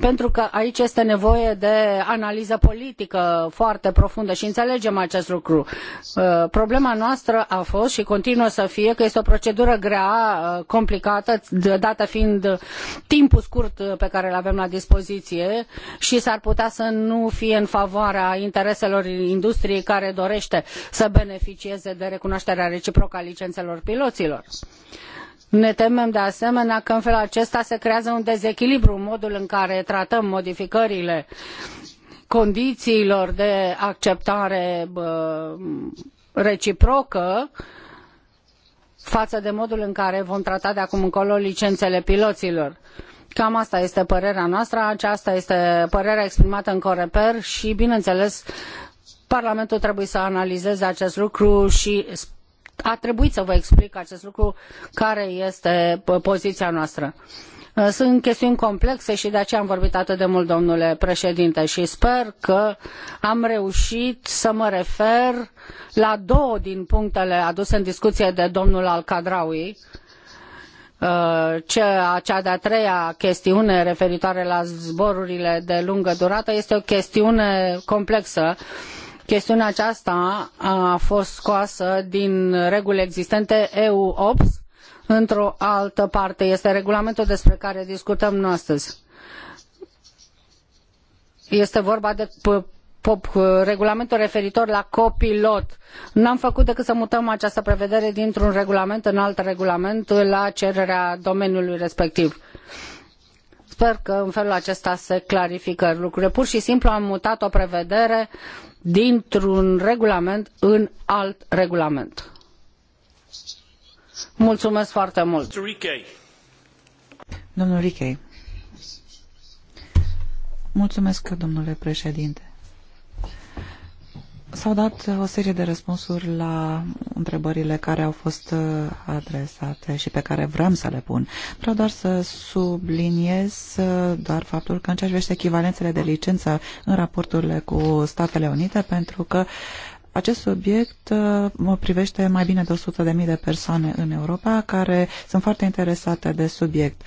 D: pentru că aici este nevoie de analiză politică foarte profundă și înțelegem acest lucru. Uh, problema noastră a fost și continuă să fie că este o procedură grea, uh, complicată, dată fiind timpul scurt pe care îl avem la dispoziție și s-ar putea să nu fie în favoarea intereselor industriei care dorește să beneficieze de recunoașterea reciprocă a licențelor piloților ne temem de asemenea că în felul acesta se creează un dezechilibru în modul în care tratăm modificările condițiilor de acceptare reciprocă față de modul în care vom trata de acum încolo licențele piloților. Cam asta este părerea noastră, aceasta este părerea exprimată în Coreper și, bineînțeles, Parlamentul trebuie să analizeze acest lucru și a trebuit să vă explic acest lucru, care este poziția noastră. Uh, sunt chestiuni complexe și de aceea am vorbit atât de mult, domnule președinte, și sper că am reușit să mă refer la două din punctele aduse în discuție de domnul Alcadraui, uh, cea, cea de-a treia chestiune referitoare la zborurile de lungă durată este o chestiune complexă. Chestiunea aceasta a fost scoasă din regulile existente eu OPS. într-o altă parte. Este regulamentul despre care discutăm noi astăzi. Este vorba de pop, regulamentul referitor la copilot. Nu am făcut decât să mutăm această prevedere dintr-un regulament în alt regulament la cererea domeniului respectiv. Sper că în felul acesta se clarifică lucrurile. Pur și simplu am mutat o prevedere uh, dintr-un regulament în alt regulament. Mulțumesc foarte mult. Domnul Richei.
A: Mulțumesc, domnule președinte. S-au dat uh, o serie de răspunsuri la întrebările care au fost uh, adresate și pe care vrem să le pun. Vreau doar să subliniez uh, doar faptul că în ceea ce privește echivalențele de licență în raporturile cu Statele Unite, pentru că acest subiect mă privește mai bine de 100.000 de persoane în Europa care sunt foarte interesate de subiect.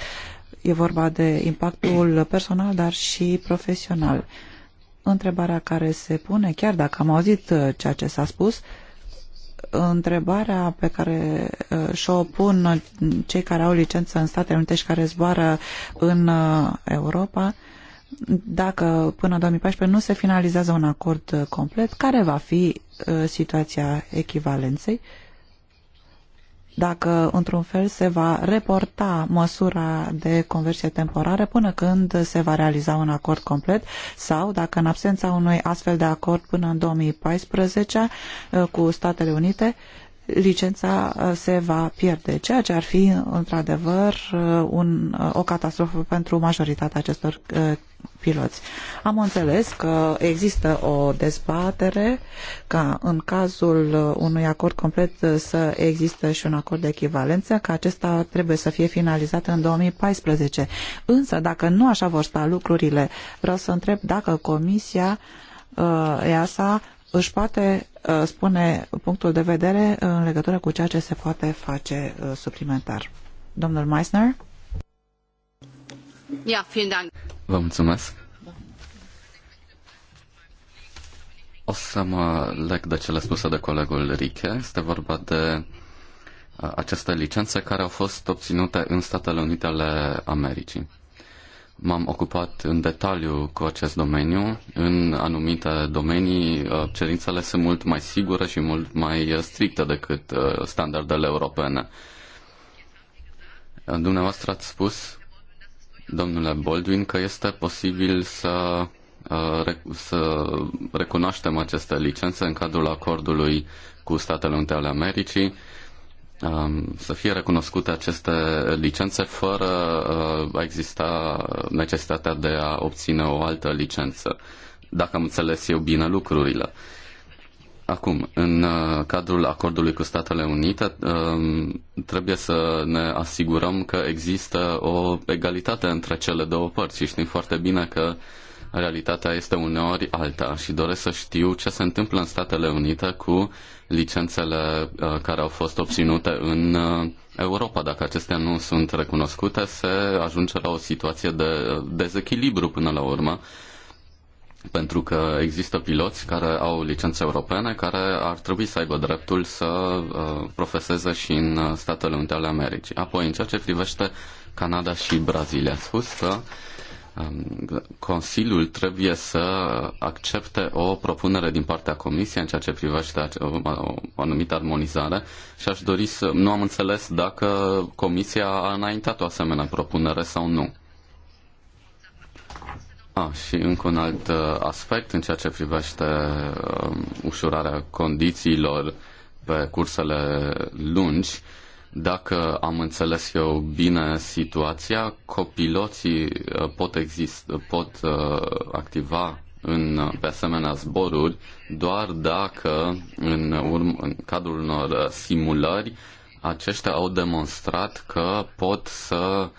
A: E vorba de impactul personal, dar și profesional. Uh, întrebarea care se pune, chiar dacă am auzit uh, ceea ce s-a spus, întrebarea pe care uh, și-o pun cei care au licență în Statele Unite și care zboară în uh, Europa, dacă până în 2014 nu se finalizează un acord complet, care va fi situația echivalenței? dacă într-un fel se va reporta măsura de conversie temporară până când se va realiza un acord complet sau dacă în absența unui astfel de acord până în 2014 uh, cu Statele Unite licența uh, se va pierde, ceea ce ar fi într-adevăr uh, un, uh, o catastrofă pentru majoritatea acestor piloți. Am înțeles că există o dezbatere ca în cazul unui acord complet să există și un acord de echivalență, că acesta trebuie să fie finalizat în 2014. Însă, dacă nu așa vor sta lucrurile, vreau să întreb dacă Comisia EASA își poate Uh, spune punctul de vedere în legătură cu ceea ce se poate face uh, suplimentar. Domnul Meissner?
D: Ja, vielen Dank.
C: Vă mulțumesc. O să mă leg de cele spuse de colegul Riche. Este vorba de uh, aceste licențe care au fost obținute în Statele Unite ale Americii. M-am ocupat în detaliu cu acest domeniu. În anumite domenii, uh, cerințele sunt mult mai sigure și mult mai uh, stricte decât uh, standardele europene. Dumneavoastră ați spus, domnule Baldwin, că este posibil să, să recunoaștem aceste licențe în cadrul acordului cu Statele Unite ale Americii Um, să fie recunoscute aceste licențe fără uh, a exista necesitatea de a obține o altă licență, dacă am înțeles eu bine lucrurile. Acum, în uh, cadrul acordului cu Statele Unite, um, trebuie să ne asigurăm că există o egalitate între cele două părți și știm foarte bine că realitatea este uneori alta și doresc să știu ce se întâmplă în Statele Unite cu licențele uh, care au fost obținute în uh, Europa. Dacă acestea nu sunt recunoscute, se ajunge la o situație de uh, dezechilibru până la urmă, pentru că există piloți care au licențe europene care ar trebui să aibă dreptul să profeseze și în Statele Unite ale Americii. Apoi, în ceea ce privește Canada și Brazilia, a spus că Consiliul trebuie să accepte o propunere din partea Comisiei în ceea ce privește o anumită armonizare și aș dori să... Nu am înțeles dacă Comisia a înaintat o asemenea propunere sau nu. A, și încă un alt uh, aspect în ceea ce privește uh, ușurarea condițiilor pe cursele lungi. Uh, dacă am înțeles eu bine situația, copiloții uh, pot, exist, pot uh, activa în, pe asemenea zboruri doar dacă în, urm, în cadrul unor simulări aceștia au demonstrat că pot să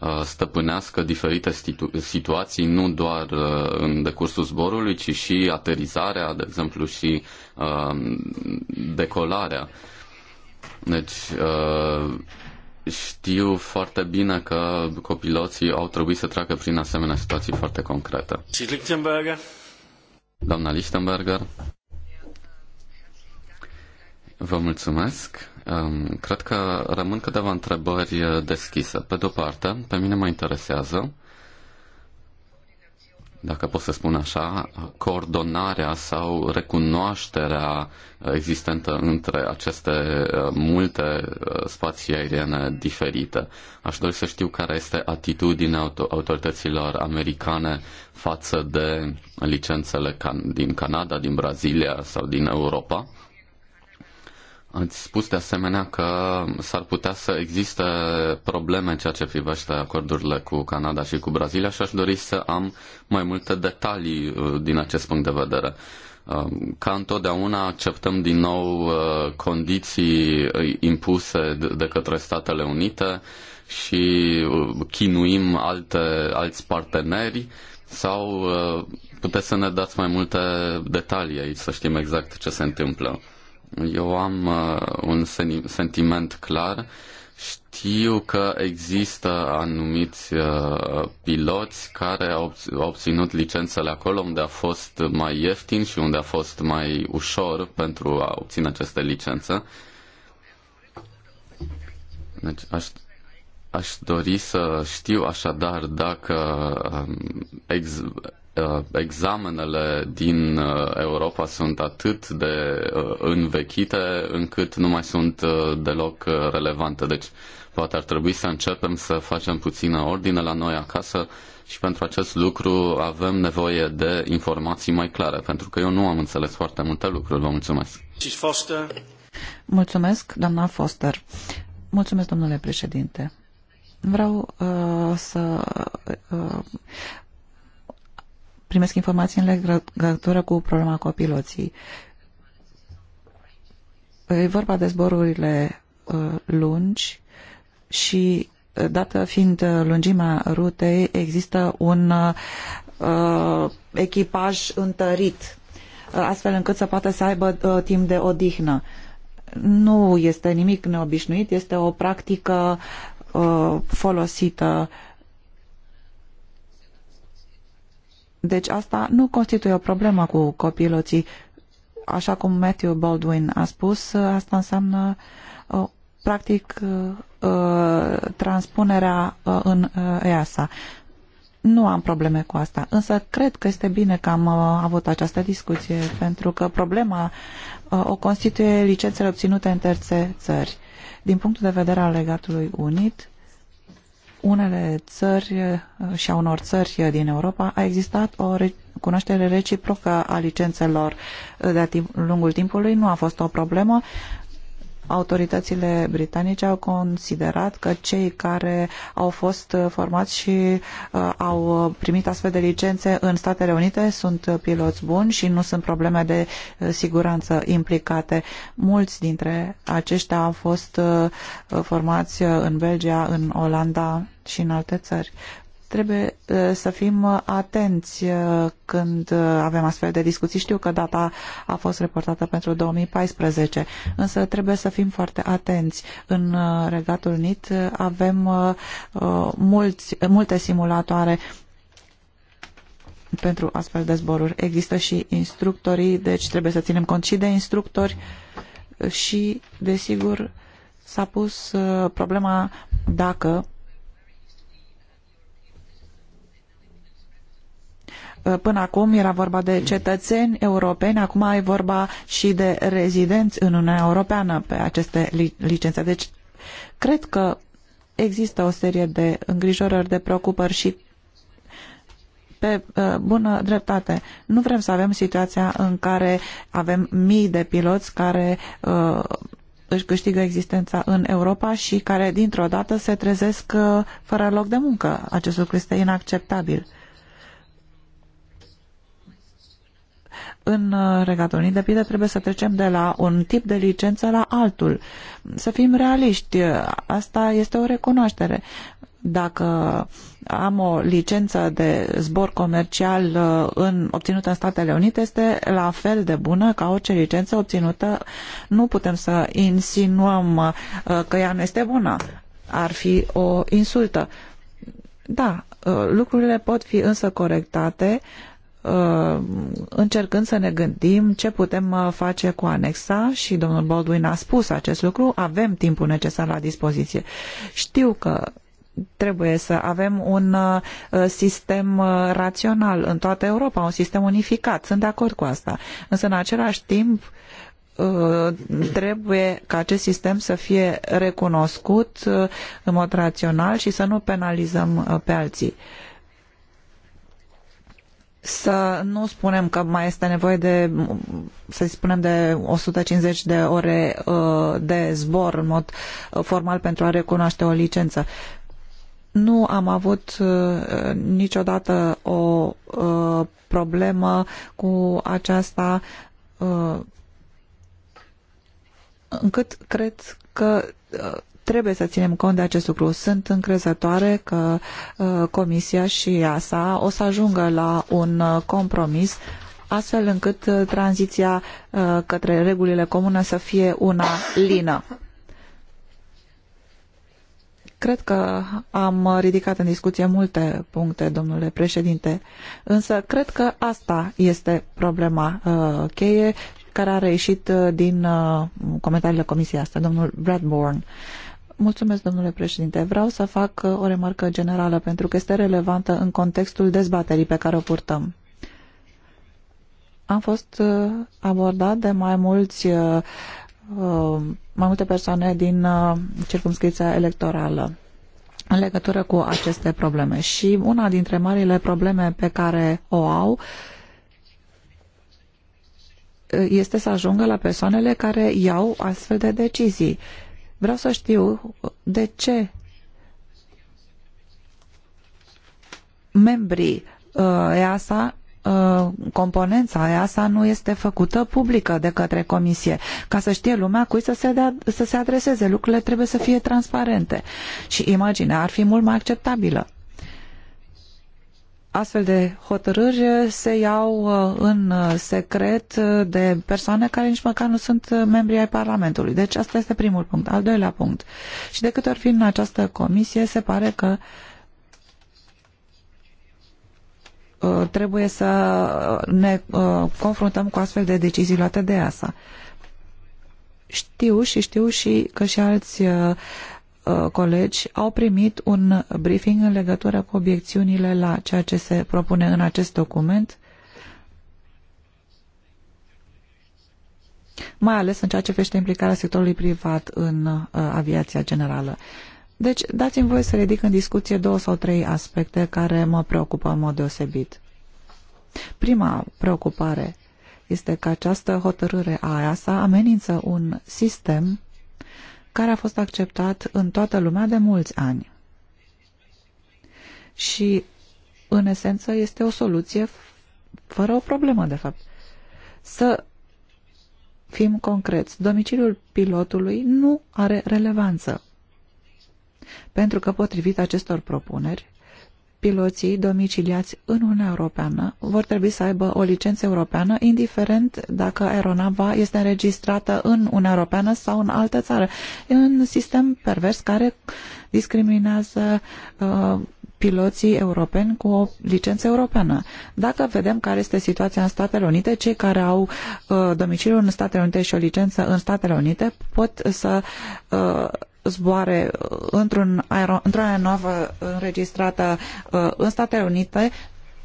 C: uh, stăpânească diferite situ- situații, nu doar în decursul zborului, ci și aterizarea, de exemplu, și decolarea. Deci, uh, știu foarte bine că copiloții au trebuit să treacă prin asemenea situații foarte concrete.
B: Și Lichtenberger?
C: Doamna Lichtenberger? Vă mulțumesc. Um, cred că rămân câteva întrebări deschise. Pe de-o parte, pe mine mă interesează dacă pot să spun așa, coordonarea sau recunoașterea existentă între aceste uh, multe uh, spații aeriene diferite. Aș dori să știu care este atitudinea autorităților americane față de licențele din Canada, din Brazilia sau din Europa Ați spus de asemenea că s-ar putea să existe probleme în ceea ce privește acordurile cu Canada și cu Brazilia și aș dori să am mai multe detalii uh, din acest punct de vedere. Uh, ca întotdeauna acceptăm din nou uh, condiții impuse de către Statele Unite și chinuim alte, alți parteneri sau puteți să ne dați mai multe detalii aici, să știm exact ce se întâmplă eu am uh, un sentiment clar. Știu că există anumiți uh, piloți care au obținut licențele acolo unde a fost mai ieftin și unde a fost mai ușor pentru a obține aceste licențe. Deci aș, aș dori să știu așadar dacă um, ex, Uh, examenele din uh, Europa sunt atât de uh, învechite încât nu mai sunt deloc relevante. Deci poate ar trebui să începem să facem puțină ordine la noi acasă și pentru acest lucru avem nevoie de informații mai clare, pentru că eu nu am înțeles foarte multe lucruri. Vă mulțumesc. Foster.
A: Mulțumesc, doamna Foster. Mulțumesc, domnule președinte. Vreau uh, să uh, primesc informații în legătură cu problema copiloții. E vorba de zborurile uh, lungi și uh, dată fiind uh, lungimea rutei, există un echipaj întărit astfel încât să poată să aibă timp de odihnă. Nu este nimic neobișnuit, este o practică uh, folosită Deci asta nu constituie o problemă cu copiloții. Așa cum Matthew Baldwin a spus, asta înseamnă uh, practic uh, transpunerea uh, în EASA. Nu am probleme cu asta, însă cred că este bine că am avut această discuție, pentru că problema o constituie licențele obținute în terțe țări. Din punctul de vedere al legatului unit, unele țări eh, și a unor țări eh, din Europa a existat o cunoaștere reciprocă a licențelor de-a lungul timpului, nu a fost o problemă, autoritățile britanice au considerat că cei care au fost formați și uh, au primit astfel de licențe în Statele Unite sunt piloți buni și nu sunt probleme de uh, siguranță implicate. Mulți dintre aceștia au fost uh, formați în Belgia, în Olanda și în alte țări. Trebuie uh, să fim uh, atenți uh, când avem astfel de discuții. Știu că data a fost reportată pentru 2014, însă trebuie să fim foarte atenți. În Regatul Unit avem mulți, multe simulatoare pentru astfel de zboruri. Există și instructorii, deci trebuie să ținem cont și de instructori și, desigur, s-a pus problema dacă Eh, până acum era vorba de cetățeni europeni, acum e vorba și de rezidenți în Uniunea Europeană pe aceste licențe. Deci, cred că există o serie de îngrijorări, de preocupări și pe uh, bună dreptate. Nu vrem să avem situația în care avem mii de piloți care uh, își câștigă existența în Europa și care dintr-o dată se trezesc uh, fără loc de muncă. Acest lucru este inacceptabil. Uh, în uh, Regatul Unit, de pildă, trebuie să trecem de la un tip de licență la altul. Să fim realiști, uh, asta este o recunoaștere. Dacă am o licență de zbor comercial uh, în, obținută în Statele Unite, este la fel de bună ca orice licență obținută. Nu putem să insinuăm că ea nu este bună. Ar fi o insultă. Da, lucrurile pot fi însă corectate uh, Uh, încercând să ne gândim ce putem uh, face cu anexa și domnul Baldwin a spus acest lucru, avem timpul necesar la dispoziție. Știu că trebuie să avem un uh, sistem rațional în toată Europa, un sistem unificat, sunt de acord cu asta. Însă în același timp trebuie ca acest sistem să fie recunoscut în mod rațional și să nu penalizăm pe alții să nu spunem că mai este nevoie de, să spunem, de 150 de ore uh, de zbor în mod uh, formal pentru a recunoaște o licență. Nu am avut uh, niciodată o problemă cu aceasta încât cred că trebuie să ținem cont de acest lucru. Sunt încrezătoare că uh, Comisia și ASA o să ajungă la un uh, compromis astfel încât uh, tranziția către regulile comune să fie una lină. Cred că am ridicat în discuție multe puncte, domnule președinte, însă cred că asta este problema uh, cheie care a reieșit din uh, comentariile comisiei asta, domnul Bradbourne. Uh, Mulțumesc, domnule președinte. Vreau să fac uh, o remarcă generală pentru că este relevantă în contextul dezbaterii pe care o purtăm. Am fost uh, abordat de mai mulți uh, mai multe persoane din circumscripția electorală în legătură cu aceste probleme. Și una dintre marile probleme pe care o au este să ajungă la persoanele care iau astfel de decizii. Vreau să știu de ce membrii uh, EASA uh, componența EASA nu este făcută publică de către comisie. Ca să știe lumea cui să se, dea, să se adreseze. Lucrurile trebuie să fie transparente. Și imaginea ar fi mult mai acceptabilă astfel de hotărâri se iau uh, în uh, secret uh, de persoane care nici măcar nu sunt membri ai Parlamentului. Deci asta este primul punct. Al doilea punct. Și de câte ori fi în această comisie, se pare că trebuie să ne confruntăm cu astfel de decizii luate de EASA. Știu și știu și că și alți Uh, colegi au primit un briefing în legătură cu obiecțiunile la ceea ce se propune în acest document, mai ales în ceea ce vește implicarea sectorului privat în uh, aviația generală. Deci, dați-mi voie să ridic în discuție două sau trei aspecte care mă preocupă în mod deosebit. Prima preocupare este că această hotărâre a EASA amenință un sistem care a fost acceptat în toată lumea de mulți ani. Și, în esență, este o soluție fără o problemă, de fapt. Să fim concreți, domiciliul pilotului nu are relevanță. Pentru că, potrivit acestor propuneri, piloții domiciliați în Uniunea Europeană vor trebui să aibă o licență europeană, indiferent dacă aeronava este înregistrată în Uniunea Europeană sau în altă țară. E un sistem pervers care discriminează uh, piloții europeni cu o licență europeană. Dacă vedem care este situația în Statele Unite, cei care au uh, domiciliul în Statele Unite și o licență în Statele Unite pot să uh, zboare uh, într-un aer într-o aeronavă înregistrată uh, în Statele Unite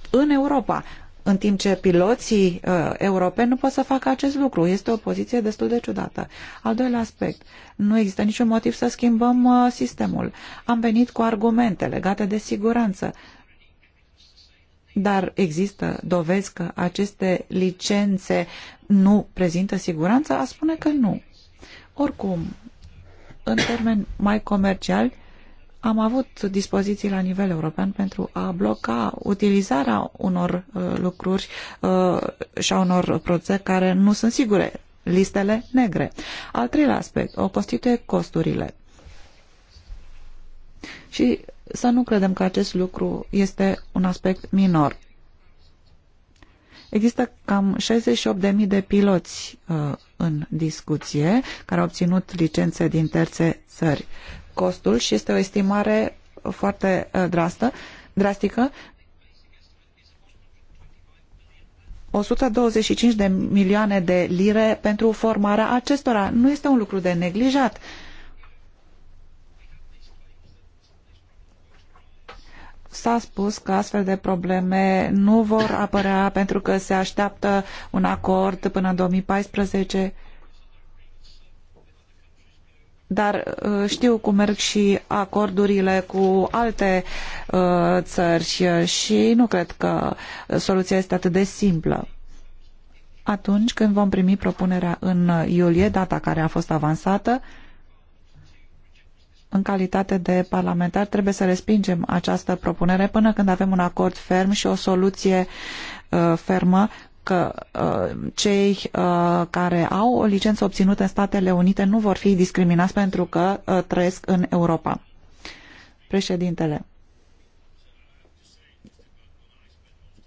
A: în Europa în timp ce piloții uh, europeni nu pot să facă acest lucru. Este o poziție destul de ciudată. Al doilea aspect, nu există niciun motiv să schimbăm uh, sistemul. Am venit cu argumente legate de siguranță, dar există dovezi că aceste licențe nu prezintă siguranță? A spune că nu. Oricum, în termeni mai comerciali, am avut dispoziții la nivel european pentru a bloca utilizarea unor uh, lucruri uh, și a unor proțe care nu sunt sigure, listele negre. Al treilea aspect o constituie costurile. Și să nu credem că acest lucru este un aspect minor. Există cam 68.000 de piloți uh, în discuție care au obținut licențe din terțe țări. Costul și este o estimare foarte uh, drastă, drastică. 125 de milioane de lire pentru formarea acestora. Nu este un lucru de neglijat. Uh, S-a spus că astfel de probleme nu vor apărea pentru că se așteaptă un acord până în 2014. Dar uh, știu cum merg și acordurile cu alte uh, țări uh, și nu cred că soluția este atât de simplă. Atunci când vom primi propunerea în iulie, data care a fost avansată, în calitate de parlamentar, trebuie să respingem această propunere până când avem un acord ferm și o soluție uh, fermă că uh, cei uh, care au o licență obținută în Statele Unite nu vor fi discriminați pentru că uh, trăiesc în Europa. Președintele,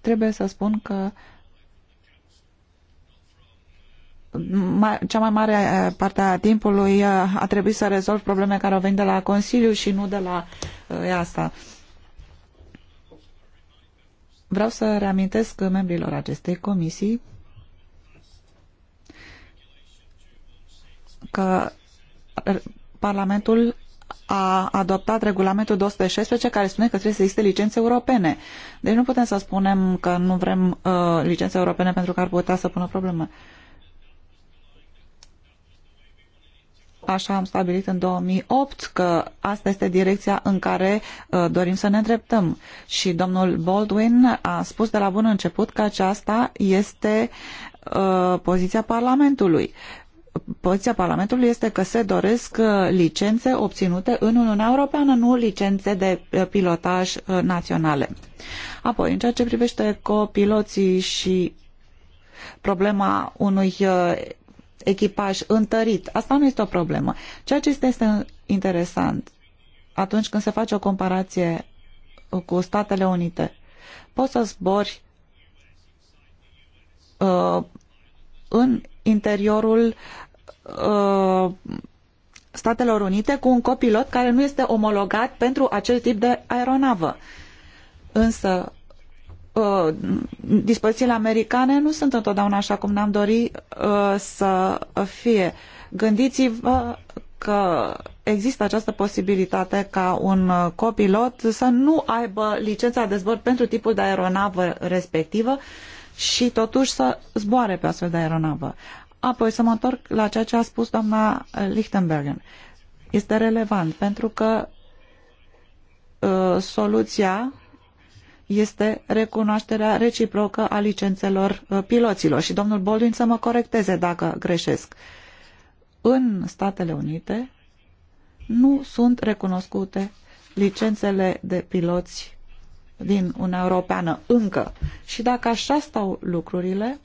A: trebuie să spun că cea mai mare eh, parte a timpului eh, a trebuit să rezolv probleme care au venit de la Consiliu și nu de la EASA. Eh, Vreau să reamintesc membrilor acestei comisii că Parlamentul a adoptat regulamentul 216 care spune că trebuie să existe licențe europene. Deci nu putem să spunem că nu vrem uh, licențe europene pentru că ar putea să pună probleme. Uh, Așa am stabilit în 2008 că asta este direcția în care uh, dorim să ne îndreptăm. Și domnul Baldwin a spus de la bun început că aceasta este uh, poziția Parlamentului. Poziția Parlamentului este că se doresc uh, licențe obținute în Uniunea Europeană, nu licențe de uh, pilotaj uh, naționale. Apoi, în ceea ce privește copiloții și problema unui uh, echipaj întărit. Asta nu este o problemă. Ceea ce este interesant atunci când se face o comparație cu Statele Unite, poți să zbori uh, în interiorul uh, Statelor Unite cu un copilot care nu este omologat pentru acel tip de aeronavă. Însă Uh, dispozițiile americane nu sunt întotdeauna așa cum ne-am dori uh, să fie. Gândiți-vă că există această posibilitate ca un uh, copilot să nu aibă licența de zbor pentru tipul de aeronavă respectivă și totuși să zboare pe astfel de aeronavă. Apoi să mă întorc la ceea ce a spus doamna Lichtenbergen. Este relevant pentru că uh, soluția este recunoașterea reciprocă a licențelor uh, piloților și domnul Baldwin să mă corecteze dacă greșesc. În Statele Unite nu sunt recunoscute licențele de piloți din Uniunea Europeană încă. Și dacă așa stau lucrurile,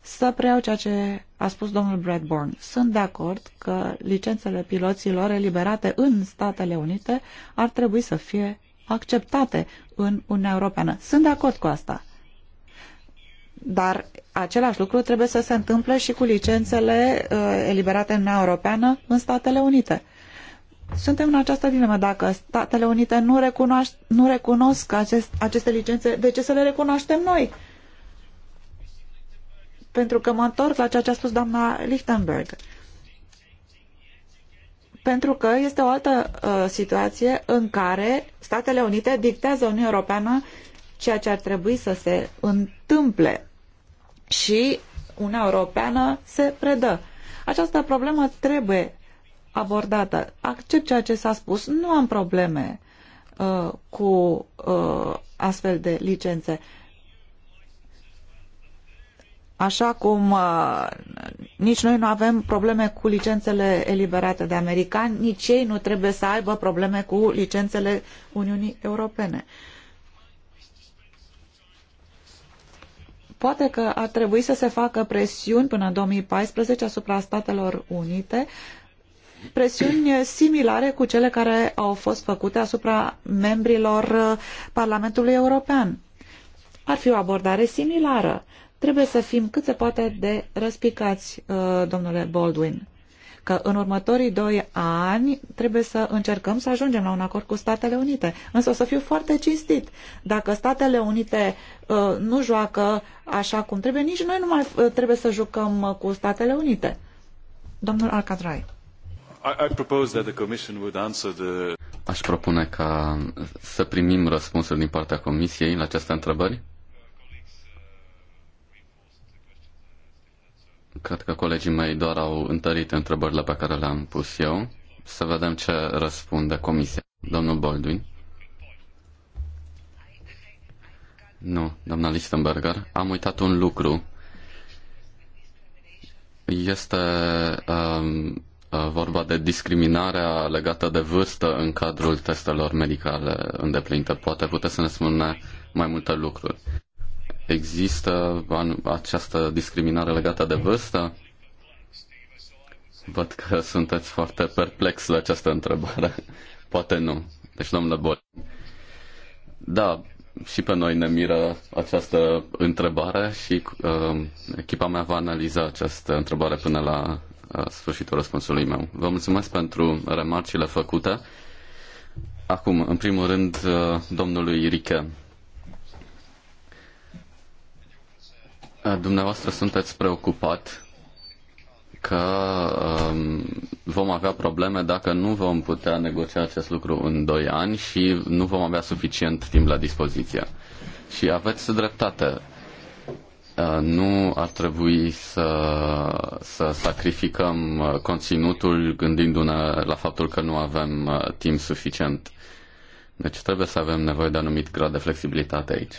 A: să preiau ceea ce a spus domnul Bradburn. Sunt de acord că licențele piloților eliberate în Statele Unite ar trebui să fie acceptate în Uniunea Europeană. Sunt de acord cu asta. Dar același lucru trebuie să se întâmple și cu licențele uh, eliberate în Uniunea Europeană în Statele Unite. Suntem în această dilemă. Dacă Statele Unite nu, recunoaș, nu recunosc acest, aceste licențe, de ce să le recunoaștem noi? Pentru că mă întorc la ceea ce a spus doamna Lichtenberg pentru că este o altă uh, situație în care Statele Unite dictează Uniunii Europeană ceea ce ar trebui să se întâmple și Uniunea Europeană se predă. Această problemă trebuie abordată. Accept ceea ce s-a spus. Nu am probleme uh, cu uh, astfel de licențe. Așa cum uh, nici noi nu avem probleme cu licențele eliberate de americani, nici ei nu trebuie să aibă probleme cu licențele Uniunii Europene. Poate că ar trebui să se facă presiuni până în 2014 asupra Statelor Unite, presiuni similare cu cele care au fost făcute asupra membrilor uh, Parlamentului European. Ar fi o abordare similară Trebuie să fim cât se poate de răspicați, uh, domnule Baldwin, că în următorii doi ani trebuie să încercăm să ajungem la un acord cu Statele Unite. Însă o să fiu foarte cinstit. Dacă Statele Unite uh, nu joacă așa cum trebuie, nici noi nu mai uh, trebuie să jucăm cu Statele Unite. Domnul Alcatrai.
C: Aș propune ca să primim răspunsuri din partea Comisiei la aceste întrebări. Cred că colegii mei doar au întărit întrebările pe care le-am pus eu. Să vedem ce răspunde comisia. Domnul Baldwin. Nu, doamna Lichtenberger. Am uitat un lucru. Este um, uh, vorba de discriminarea legată de vârstă în cadrul testelor medicale îndeplinite. Poate puteți să ne spune mai multe lucruri există această discriminare legată de vârstă? Văd că [laughs] sunteți foarte perplex la această întrebare. [laughs] Poate nu. Deci, domnule Bol. Da, și pe noi ne miră această întrebare și uh, echipa mea va analiza această întrebare până la uh, sfârșitul răspunsului meu. Vă mulțumesc pentru remarcile făcute. Acum, în primul rând, uh, domnului Riche. Dumneavoastră sunteți preocupat că um, vom avea probleme dacă nu vom putea negocia acest lucru în 2 ani și nu vom avea suficient timp la dispoziție. Și aveți dreptate. Uh, nu ar trebui să, să sacrificăm uh, conținutul gândindu-ne la faptul că nu avem uh, timp suficient. Deci trebuie să avem nevoie de anumit grad de flexibilitate aici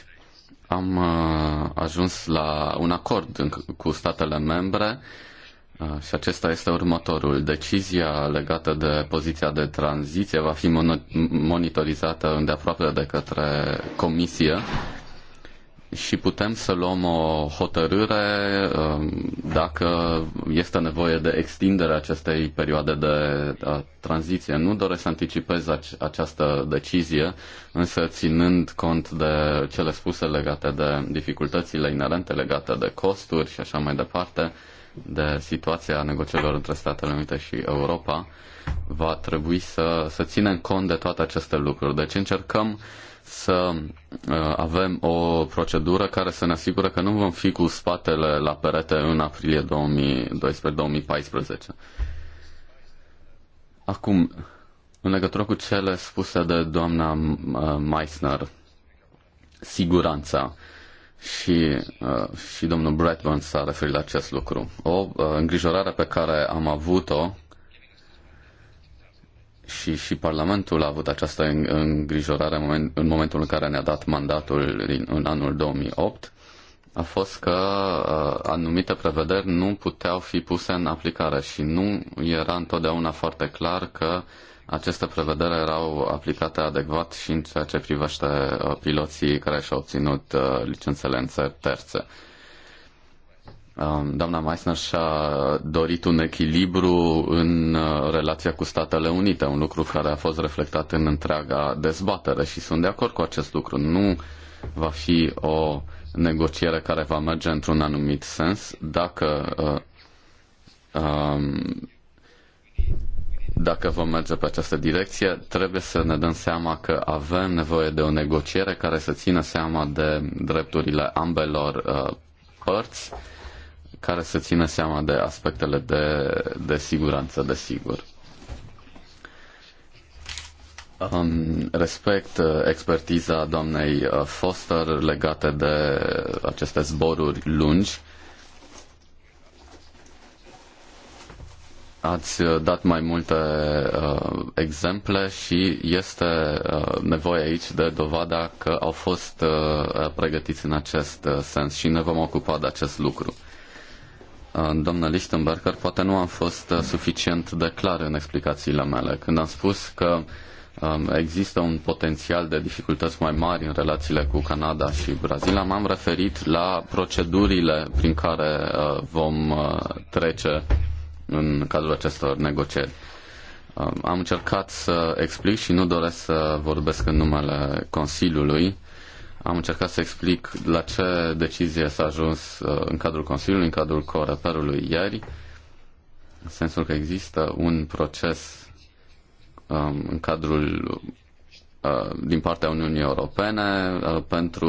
C: am uh, ajuns la un acord cu statele membre uh, și acesta este următorul. Decizia legată de poziția de tranziție va fi monitorizată îndeaproape de către Comisie și putem să luăm o hotărâre um, dacă este nevoie de extinderea acestei perioade de uh, tranziție. Nu doresc să anticipez această decizie, însă ținând cont de cele spuse legate de dificultățile inerente legate de costuri și așa mai departe, de situația negocierilor între Statele Unite și Europa, va trebui să, să ținem cont de toate aceste lucruri. Deci încercăm uh, să uh, avem o procedură care să ne asigure că nu vom fi cu spatele la perete în aprilie 2012-2014. Acum, în legătură cu cele spuse de doamna uh, Meissner, siguranța și, uh, și domnul Bradburn s-a referit la acest lucru. O îngrijorare pe care am avut-o și, și Parlamentul a avut această îngrijorare în, momentul în care ne-a dat mandatul din, în anul 2008, a fost că uh, anumite prevederi nu puteau fi puse în aplicare și nu era întotdeauna foarte clar că aceste prevederi erau aplicate adecvat și în ceea ce privește uh, piloții care și-au obținut uh, licențele în țări terțe. Um, doamna Meissner și-a dorit un echilibru în uh, relația cu Statele Unite, un lucru care a fost reflectat în întreaga dezbatere și sunt de acord cu acest lucru. Nu va fi o negociere care va merge într-un anumit sens dacă uh, um, dacă vom merge pe această direcție, trebuie să ne dăm seama că avem nevoie de o negociere care să țină seama de drepturile ambelor uh, părți care să țină seama de aspectele de, de siguranță, desigur. Um, respect uh, expertiza doamnei uh, Foster legate de aceste zboruri lungi. Ați uh, dat mai multe uh, exemple și este uh, nevoie aici de dovada că au fost uh, pregătiți în acest sens și ne vom ocupa de acest lucru. Doamna Lichtenberger, poate nu am fost uh, suficient de clar în explicațiile mele. Când am spus că um, există un potențial de dificultăți mai mari în relațiile cu Canada și Brazilia, m-am referit la procedurile prin care uh, vom uh, trece în cadrul acestor negocieri. Um, am încercat să explic și nu doresc să vorbesc în numele Consiliului am încercat să explic la ce decizie s-a ajuns uh, în cadrul Consiliului, în cadrul Coreperului ieri, în sensul că există un proces um, în cadrul uh, din partea Uniunii Europene uh, pentru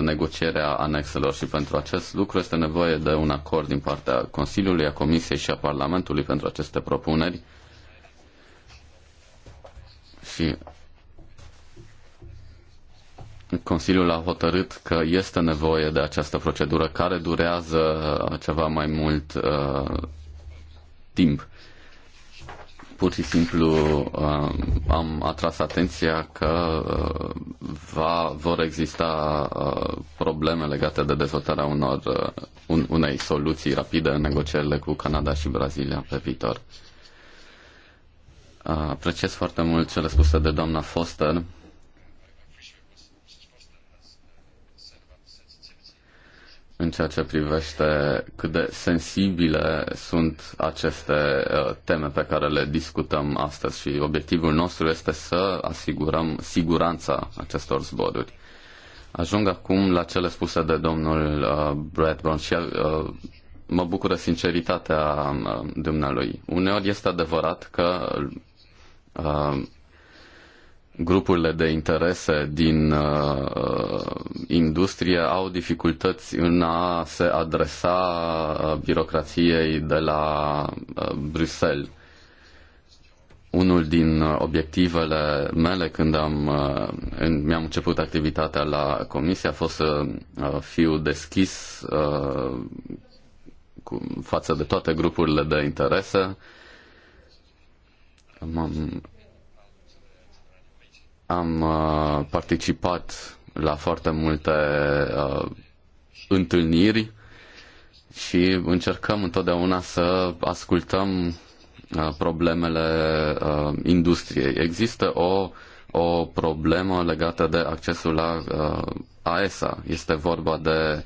C: negocierea anexelor și pentru acest lucru este nevoie de un acord din partea Consiliului, a Comisiei și a Parlamentului pentru aceste propuneri. Și Consiliul a hotărât că este nevoie de această procedură care durează uh, ceva mai mult uh, timp. Pur și simplu uh, am atras atenția că uh, va, vor exista uh, probleme legate de dezvoltarea unor, uh, un, unei soluții rapide în negocierile cu Canada și Brazilia pe viitor. Uh, apreciez foarte mult cele spuse de doamna Foster în ceea ce privește cât de sensibile sunt aceste uh, teme pe care le discutăm astăzi și obiectivul nostru este să asigurăm siguranța acestor zboruri. Ajung acum la cele spuse de domnul uh, Bradburn și uh, mă bucură sinceritatea dumnealui. Uneori este adevărat că grupurile de interese din uh, industrie au dificultăți în a se adresa uh, birocrației de la uh, Bruxelles. Unul din uh, obiectivele mele când am, uh, mi-am început activitatea la comisie a fost să uh, fiu deschis uh, cu, față de toate grupurile de interese. M-am am uh, participat la foarte multe uh, întâlniri și încercăm întotdeauna să ascultăm uh, problemele industriei. Există o, o problemă legată de accesul la AESA. Este vorba de,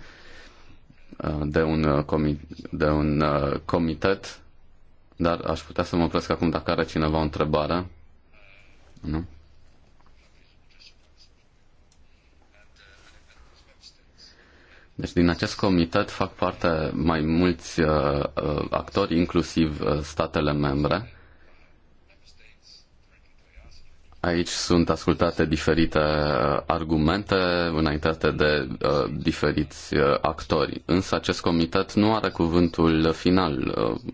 C: de, un, comi- de un comitet, dar aș putea să mă opresc acum dacă are cineva o întrebare. Nu? Deci din acest comitet fac parte mai mulți uh, uh, actori, inclusiv uh, statele membre. Aici sunt ascultate diferite uh, argumente înaintate de uh, diferiți uh, actori, însă acest comitet nu are cuvântul final. Uh,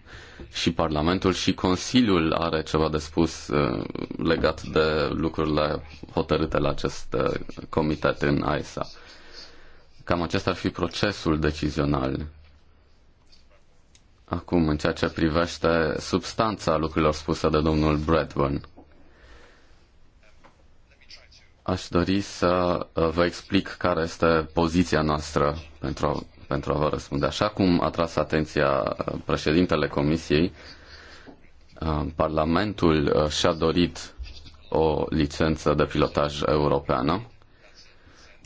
C: și Parlamentul și Consiliul are ceva de spus uh, legat de lucrurile hotărâte la acest uh, comitet în AESA. Cam acesta ar fi procesul decizional. Acum, în ceea ce privește substanța lucrurilor spuse de domnul Bradburn, aș dori să uh, vă explic care este poziția noastră pentru a, pentru a vă răspunde. Așa cum a tras atenția uh, președintele Comisiei, uh, Parlamentul și-a dorit o licență de pilotaj europeană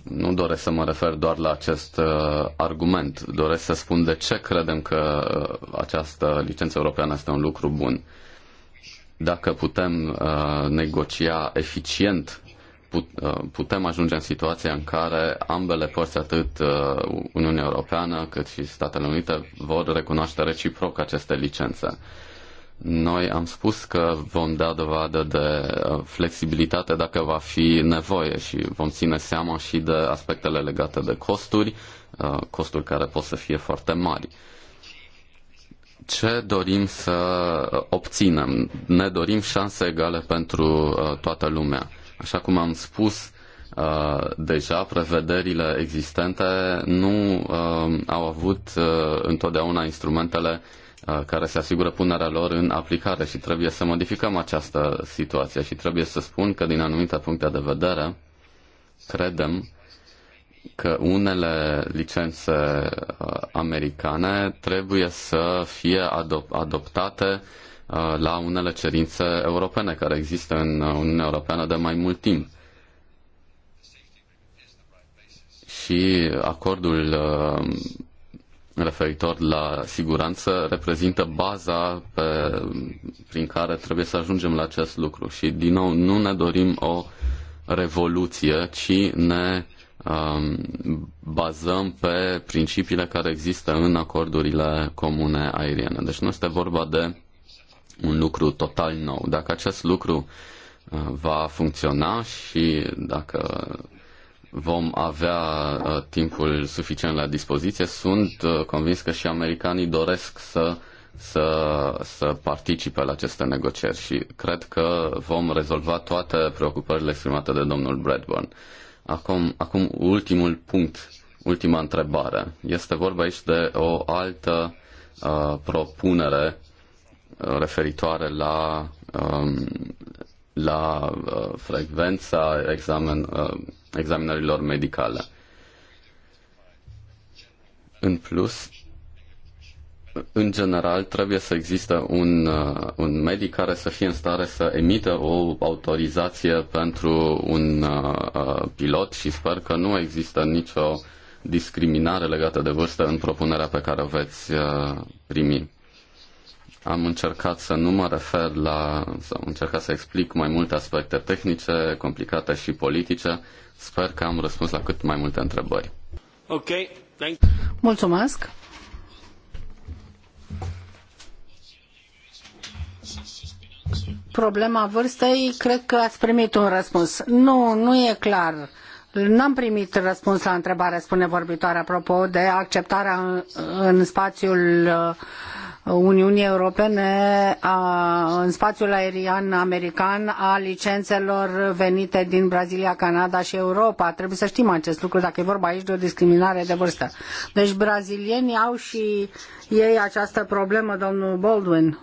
C: nu doresc să mă refer doar la acest uh, argument, doresc să spun de ce credem că uh, această licență europeană este un lucru bun. Dacă putem uh, negocia eficient, put, uh, putem ajunge în situația în care ambele părți, atât uh, Uniunea Europeană cât și Statele Unite, vor recunoaște reciproc aceste licențe. Uh, noi am spus că vom da dovadă de uh, flexibilitate dacă va fi nevoie și vom ține seama și de aspectele legate de costuri, uh, costuri care pot să fie foarte mari. Ce dorim să obținem? Ne dorim șanse egale pentru uh, toată lumea. Așa cum am spus, deja prevederile existente nu au avut întotdeauna instrumentele Uh, care se asigură punerea lor în aplicare și trebuie să modificăm această situație și trebuie să spun că din anumite puncte de vedere credem că unele licențe uh, americane trebuie să fie adop- adoptate uh, la unele cerințe europene care există în Uniunea Europeană de mai mult timp. Și acordul referitor la siguranță reprezintă baza pe, prin care trebuie să ajungem la acest lucru. Și, din nou, nu ne dorim o revoluție, ci ne um, bazăm pe principiile care există în acordurile comune aeriene. Deci nu este vorba de un lucru total nou. Dacă acest lucru uh, va funcționa și dacă vom avea uh, timpul suficient la dispoziție. Sunt uh, convins că și americanii doresc să, să, să participe la aceste negocieri și cred că vom rezolva toate preocupările exprimate de domnul Bradburn. Acum, acum ultimul punct, ultima întrebare. Este vorba aici de o altă uh, propunere uh, referitoare la um, la uh, frecvența examen, uh, examinărilor medicale. În plus, în general, trebuie să existe un, uh, un medic care să fie în stare să emită o autorizație pentru un uh, uh, pilot și sper că nu există nicio discriminare legată de vârstă în propunerea pe care o veți uh, primi. Am încercat să nu mă refer la, sau am încercat să explic mai multe aspecte tehnice, complicate și politice. Sper că am răspuns la cât mai multe întrebări.
B: Ok, thank
D: Mulțumesc. Problema vârstei, cred că ați primit un răspuns. Nu, nu e clar. N-am primit răspuns la întrebare, spune vorbitoarea, apropo de acceptarea în, în spațiul uh, Uniunii Europene a, în spațiul aerian american a licențelor venite din Brazilia, Canada și Europa. Trebuie să știm acest lucru dacă e vorba aici de o discriminare de vârstă. Deci brazilienii au și ei această problemă, domnul Baldwin.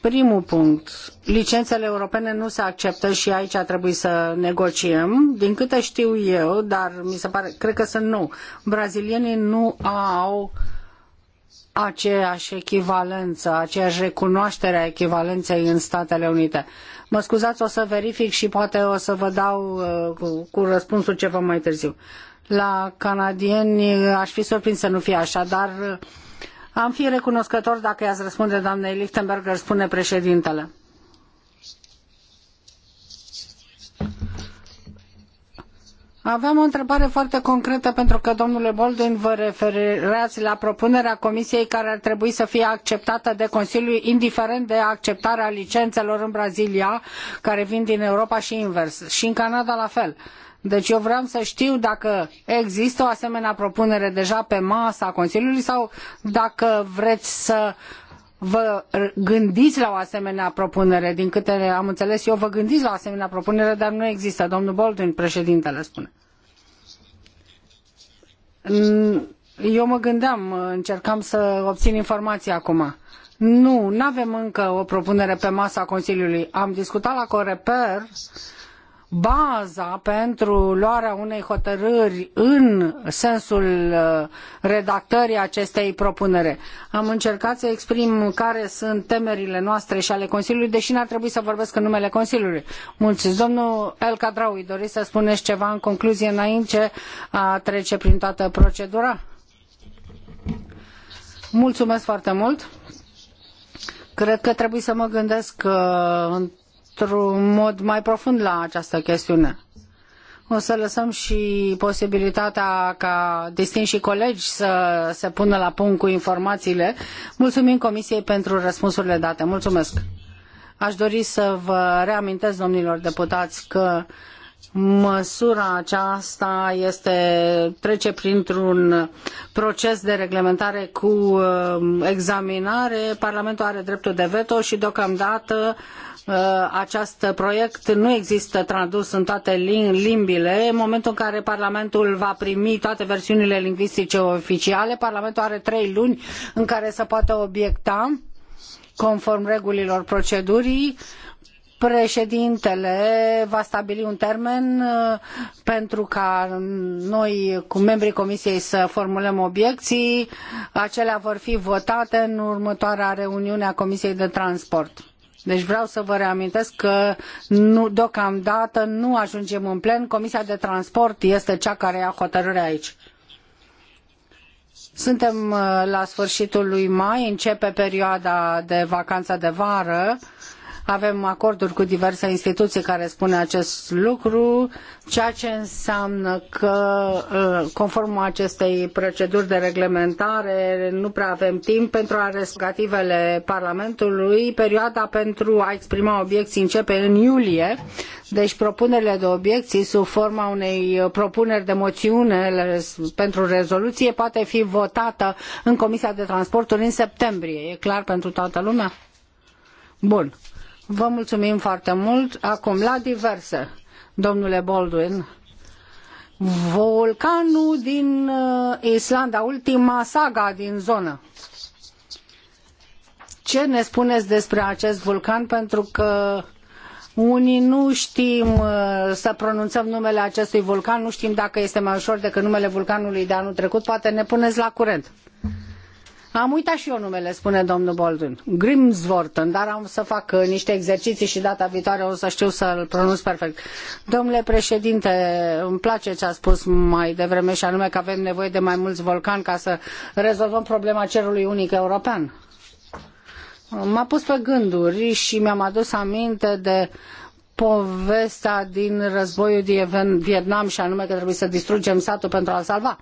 D: Primul punct. Licențele europene nu se acceptă și aici trebuit să negociem. Din câte știu eu, dar mi se pare, cred că sunt nou, brazilienii nu au uh, aceeași echivalență, aceeași recunoaștere a echivalenței în Statele Unite. Mă scuzați, o să verific și poate o să vă dau uh, cu, cu răspunsul ceva mai târziu. La canadieni uh, aș fi surprins să nu fie așa, dar uh, am fi recunoscător dacă i-ați răspunde doamnei Lichtenberger, spune președintele. Aveam o întrebare foarte concretă pentru că, domnule Boldin, vă referați la propunerea Comisiei care ar trebui să fie acceptată de Consiliu, indiferent de acceptarea licențelor în Brazilia, care vin din Europa și invers, și în Canada la fel. Deci eu vreau să știu dacă există o asemenea propunere deja pe masa Consiliului sau dacă vreți să vă gândiți la o asemenea propunere. Din câte am înțeles eu, vă gândiți la o asemenea propunere, dar nu există. Domnul Baldwin, președintele, spune. Eu mă gândeam, încercam să obțin informații acum. Nu, nu avem încă o propunere pe masa Consiliului. Am discutat la Coreper uh, baza pentru luarea unei hotărâri în sensul uh, redactării acestei propunere. Am încercat să exprim care sunt temerile noastre și ale Consiliului, deși n-ar trebui să vorbesc în numele Consiliului. Mulțumesc Domnul El Cadraui, doriți să spuneți ceva în concluzie înainte a trece prin toată procedura? Mulțumesc foarte mult. Cred că trebuie să mă gândesc că uh, într-un mod mai profund la această chestiune. O să lăsăm și posibilitatea ca distinși colegi să se pună la punct cu informațiile. Mulțumim Comisiei pentru răspunsurile date. Mulțumesc! Aș dori să vă reamintesc, domnilor deputați, că măsura aceasta este, trece printr-un proces de reglementare cu uh, examinare. Parlamentul are dreptul de veto și deocamdată uh, Uh, acest proiect nu există tradus în toate limbile. În momentul în care Parlamentul va primi toate versiunile lingvistice oficiale, Parlamentul are trei luni în care să poată obiecta conform regulilor procedurii președintele va stabili un termen uh, pentru ca noi, cu membrii comisiei, să formulăm obiecții. Acelea vor fi votate în următoarea reuniune a Comisiei de Transport. Deci vreau să vă reamintesc că nu, deocamdată nu ajungem în plen. Comisia de transport este cea care ia hotărârea aici. Suntem uh, la sfârșitul lui mai, începe perioada de vacanță de vară. Avem acorduri cu diverse instituții care spun acest lucru, ceea ce înseamnă că, uh, conform acestei proceduri de reglementare, nu prea avem timp pentru a respectivele Parlamentului. Perioada pentru a exprima obiecții începe în iulie, deci propunerile de obiecții sub forma unei propuneri de moțiune pentru rezoluție poate fi votată în Comisia de Transporturi în septembrie. E clar pentru toată lumea? Bun. Vă mulțumim foarte mult. Acum, la diverse, domnule Baldwin. Vulcanul din uh, Islanda, ultima saga din zonă. Ce ne spuneți despre acest vulcan? Pentru că unii nu știm uh, să pronunțăm numele acestui vulcan, nu știm dacă este mai ușor decât numele vulcanului de anul trecut, poate ne puneți la curent. Am uitat și eu numele, spune domnul Boldun. Grimsvorten, dar am să fac uh, niște exerciții și data viitoare o să știu să-l pronunț perfect. Domnule președinte, îmi place ce a spus mai devreme și anume că avem nevoie de mai mulți vulcani ca să rezolvăm problema cerului unic european. M-a pus pe gânduri și mi-am adus aminte de povestea din războiul din Vietnam și anume că trebuie să distrugem satul pentru a-l salva.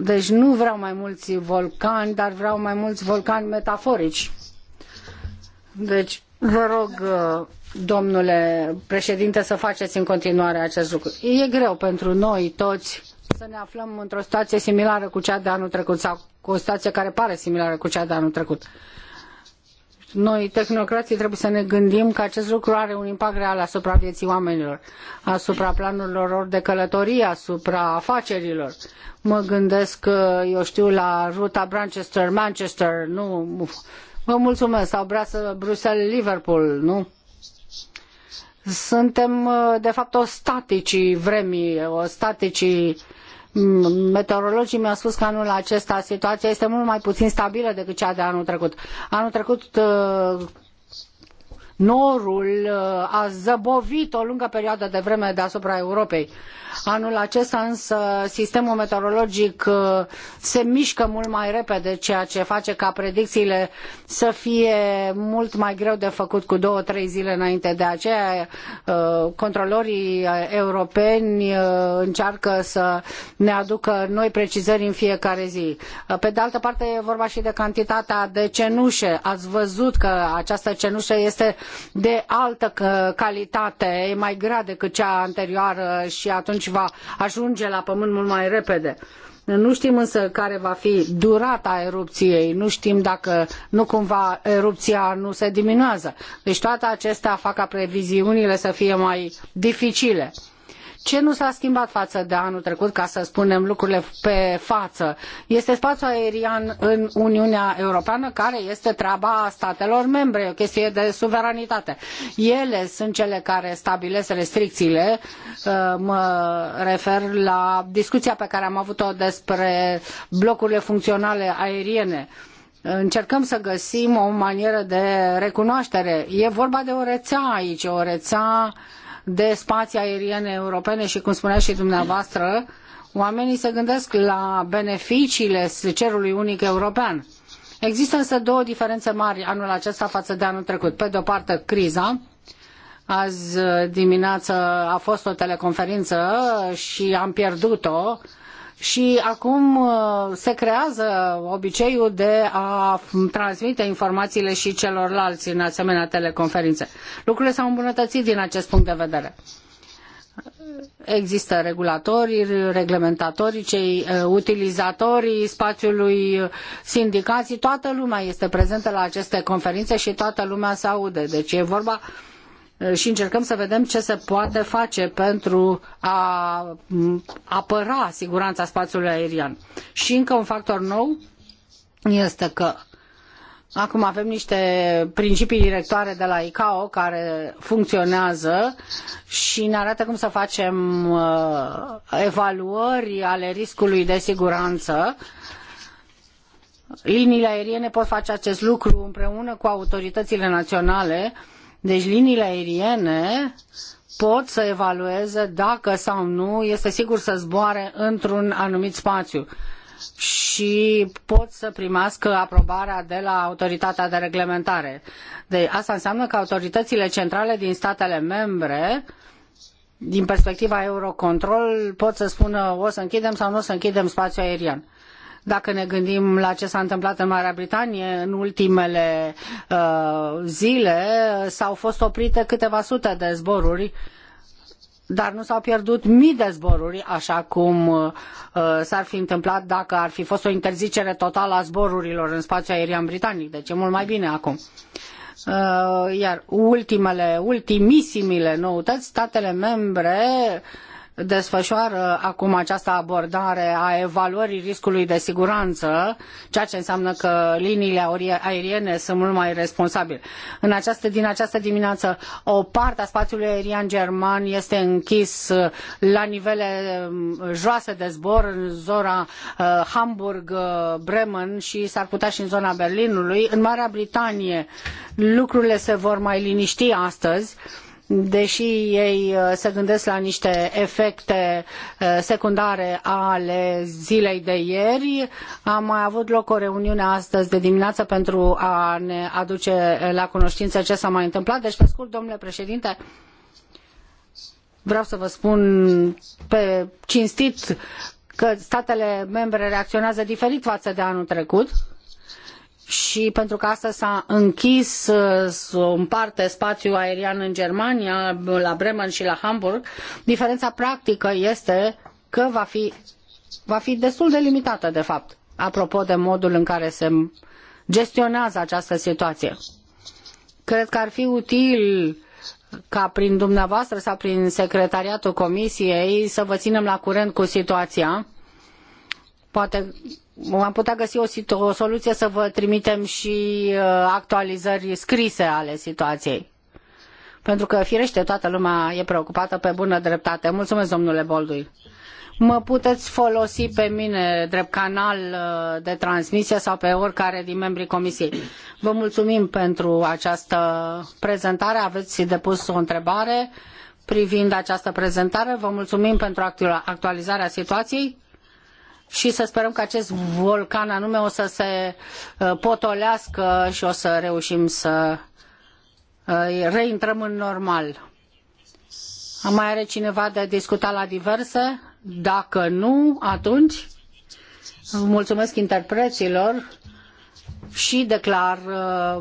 D: Deci nu vreau mai mulți vulcani, dar vreau mai mulți vulcani metaforici. Deci vă rog, uh, domnule președinte, să faceți în continuare acest lucru. E greu pentru noi toți să ne aflăm într-o situație similară cu cea de anul trecut sau cu o situație care pare similară cu cea de anul trecut. Noi, tehnocrații, trebuie să ne gândim că acest lucru are un impact real asupra vieții oamenilor, asupra planurilor lor de călătorie, asupra afacerilor. Mă gândesc, eu știu, la ruta Manchester-Manchester, nu... Vă mulțumesc, sau Bruxelles-Liverpool, nu? Suntem, de fapt, ostaticii vremii, ostaticii Meteorologii mi-au spus că anul acesta situația este mult mai puțin stabilă decât cea de anul trecut. Anul trecut uh, norul uh, a zăbovit o lungă perioadă de vreme deasupra Europei. Anul acesta însă sistemul meteorologic uh, se mișcă mult mai repede, ceea ce face ca predicțiile să fie mult mai greu de făcut cu două, trei zile înainte. De aceea uh, controlorii europeni uh, încearcă să ne aducă noi precizări în fiecare zi. Pe de altă parte e vorba și de cantitatea de cenușe. Ați văzut că această cenușă este de altă calitate, e mai grea decât cea anterioară și atunci va ajunge la pământ mult mai repede. Nu știm însă care va fi durata erupției, nu știm dacă nu cumva erupția nu se diminuează. Deci toate acestea fac ca previziunile să fie mai dificile. Ce nu s-a schimbat față de anul trecut, ca să spunem lucrurile pe față? Este spațiul aerian în Uniunea Europeană, care este treaba statelor membre, o chestie de suveranitate. Ele sunt cele care stabilesc restricțiile. Uh, mă refer la discuția pe care am avut-o despre blocurile funcționale aeriene încercăm să găsim o manieră de recunoaștere. E vorba de o rețea aici, o rețea uh, de spații aeriene europene și, cum spunea și dumneavoastră, oamenii se gândesc la beneficiile cerului unic european. Există însă două diferențe mari anul acesta față de anul trecut. Pe de o parte, criza. Azi dimineață a fost o teleconferință și am pierdut-o și acum uh, se creează obiceiul de a transmite informațiile și celorlalți în asemenea teleconferințe. Lucrurile s-au îmbunătățit din acest punct de vedere. Există regulatori, reglementatori, cei uh, utilizatorii spațiului, uh, sindicații, toată lumea este prezentă la aceste conferințe și toată lumea se aude. Deci e vorba uh, Eh, și încercăm să vedem ce se poate face pentru a apăra siguranța spațiului aerian. Și încă un factor nou este că Acum avem niște principii directoare de la ICAO care funcționează și ne arată cum să facem eh, evaluări ale riscului de siguranță. Liniile aeriene pot face acest lucru împreună cu autoritățile naționale uh, deci liniile aeriene pot să evalueze dacă sau nu este sigur să zboare într-un anumit spațiu și pot să primească aprobarea de la autoritatea de reglementare. Deci asta înseamnă că autoritățile centrale din statele membre din perspectiva Eurocontrol pot să spună o să închidem sau nu o să închidem spațiul aerian. Dacă ne gândim la ce s-a întâmplat în Marea Britanie în ultimele uh, zile, s-au fost oprite câteva sute de zboruri dar nu s-au pierdut mii de zboruri, așa cum uh, s-ar fi întâmplat dacă ar fi fost o interzicere totală a zborurilor în spațiul aerian britanic. Deci e mult mai bine acum. Uh, iar ultimele, ultimisimile noutăți, statele membre uh, desfășoară acum această abordare a evaluării riscului de siguranță, ceea ce înseamnă că liniile aeriene sunt mult mai responsabile. În această, din această dimineață, o parte a spațiului aerian german este închis uh, la nivele um, joase de zbor, în zona uh, Hamburg, uh, Bremen și s-ar putea și în zona Berlinului. În Marea Britanie lucrurile se vor mai liniști astăzi, deși ei uh, se gândesc la niște efecte uh, secundare ale zilei de ieri, a mai avut loc o reuniune astăzi de dimineață pentru a ne aduce la cunoștință ce s-a mai întâmplat. Deci, pe scurt, domnule președinte, vreau să vă spun pe cinstit că statele membre reacționează diferit față de anul trecut și pentru că asta s-a închis în uh, parte spațiul aerian în Germania, la Bremen și la Hamburg, diferența practică este că va fi, va fi destul de limitată, de fapt, apropo de modul în care se gestionează această situație. Cred că ar fi util ca prin dumneavoastră sau prin secretariatul comisiei să vă ținem la curent cu situația Poate am putea găsi o, o soluție să vă trimitem și uh, actualizări scrise ale situației. Pentru că, firește, toată lumea e preocupată pe bună dreptate. Mulțumesc, domnule Boldui. Mă puteți folosi pe mine drept canal uh, de transmisie sau pe oricare din membrii comisiei. Vă mulțumim pentru această prezentare. Aveți depus o întrebare privind această prezentare. Vă mulțumim pentru actualizarea situației și să sperăm că acest vulcan anume o să se uh, potolească și o să reușim să uh, reintrăm în normal. Mai are cineva de discutat la diverse? Dacă nu, atunci mulțumesc interpreților și declar uh,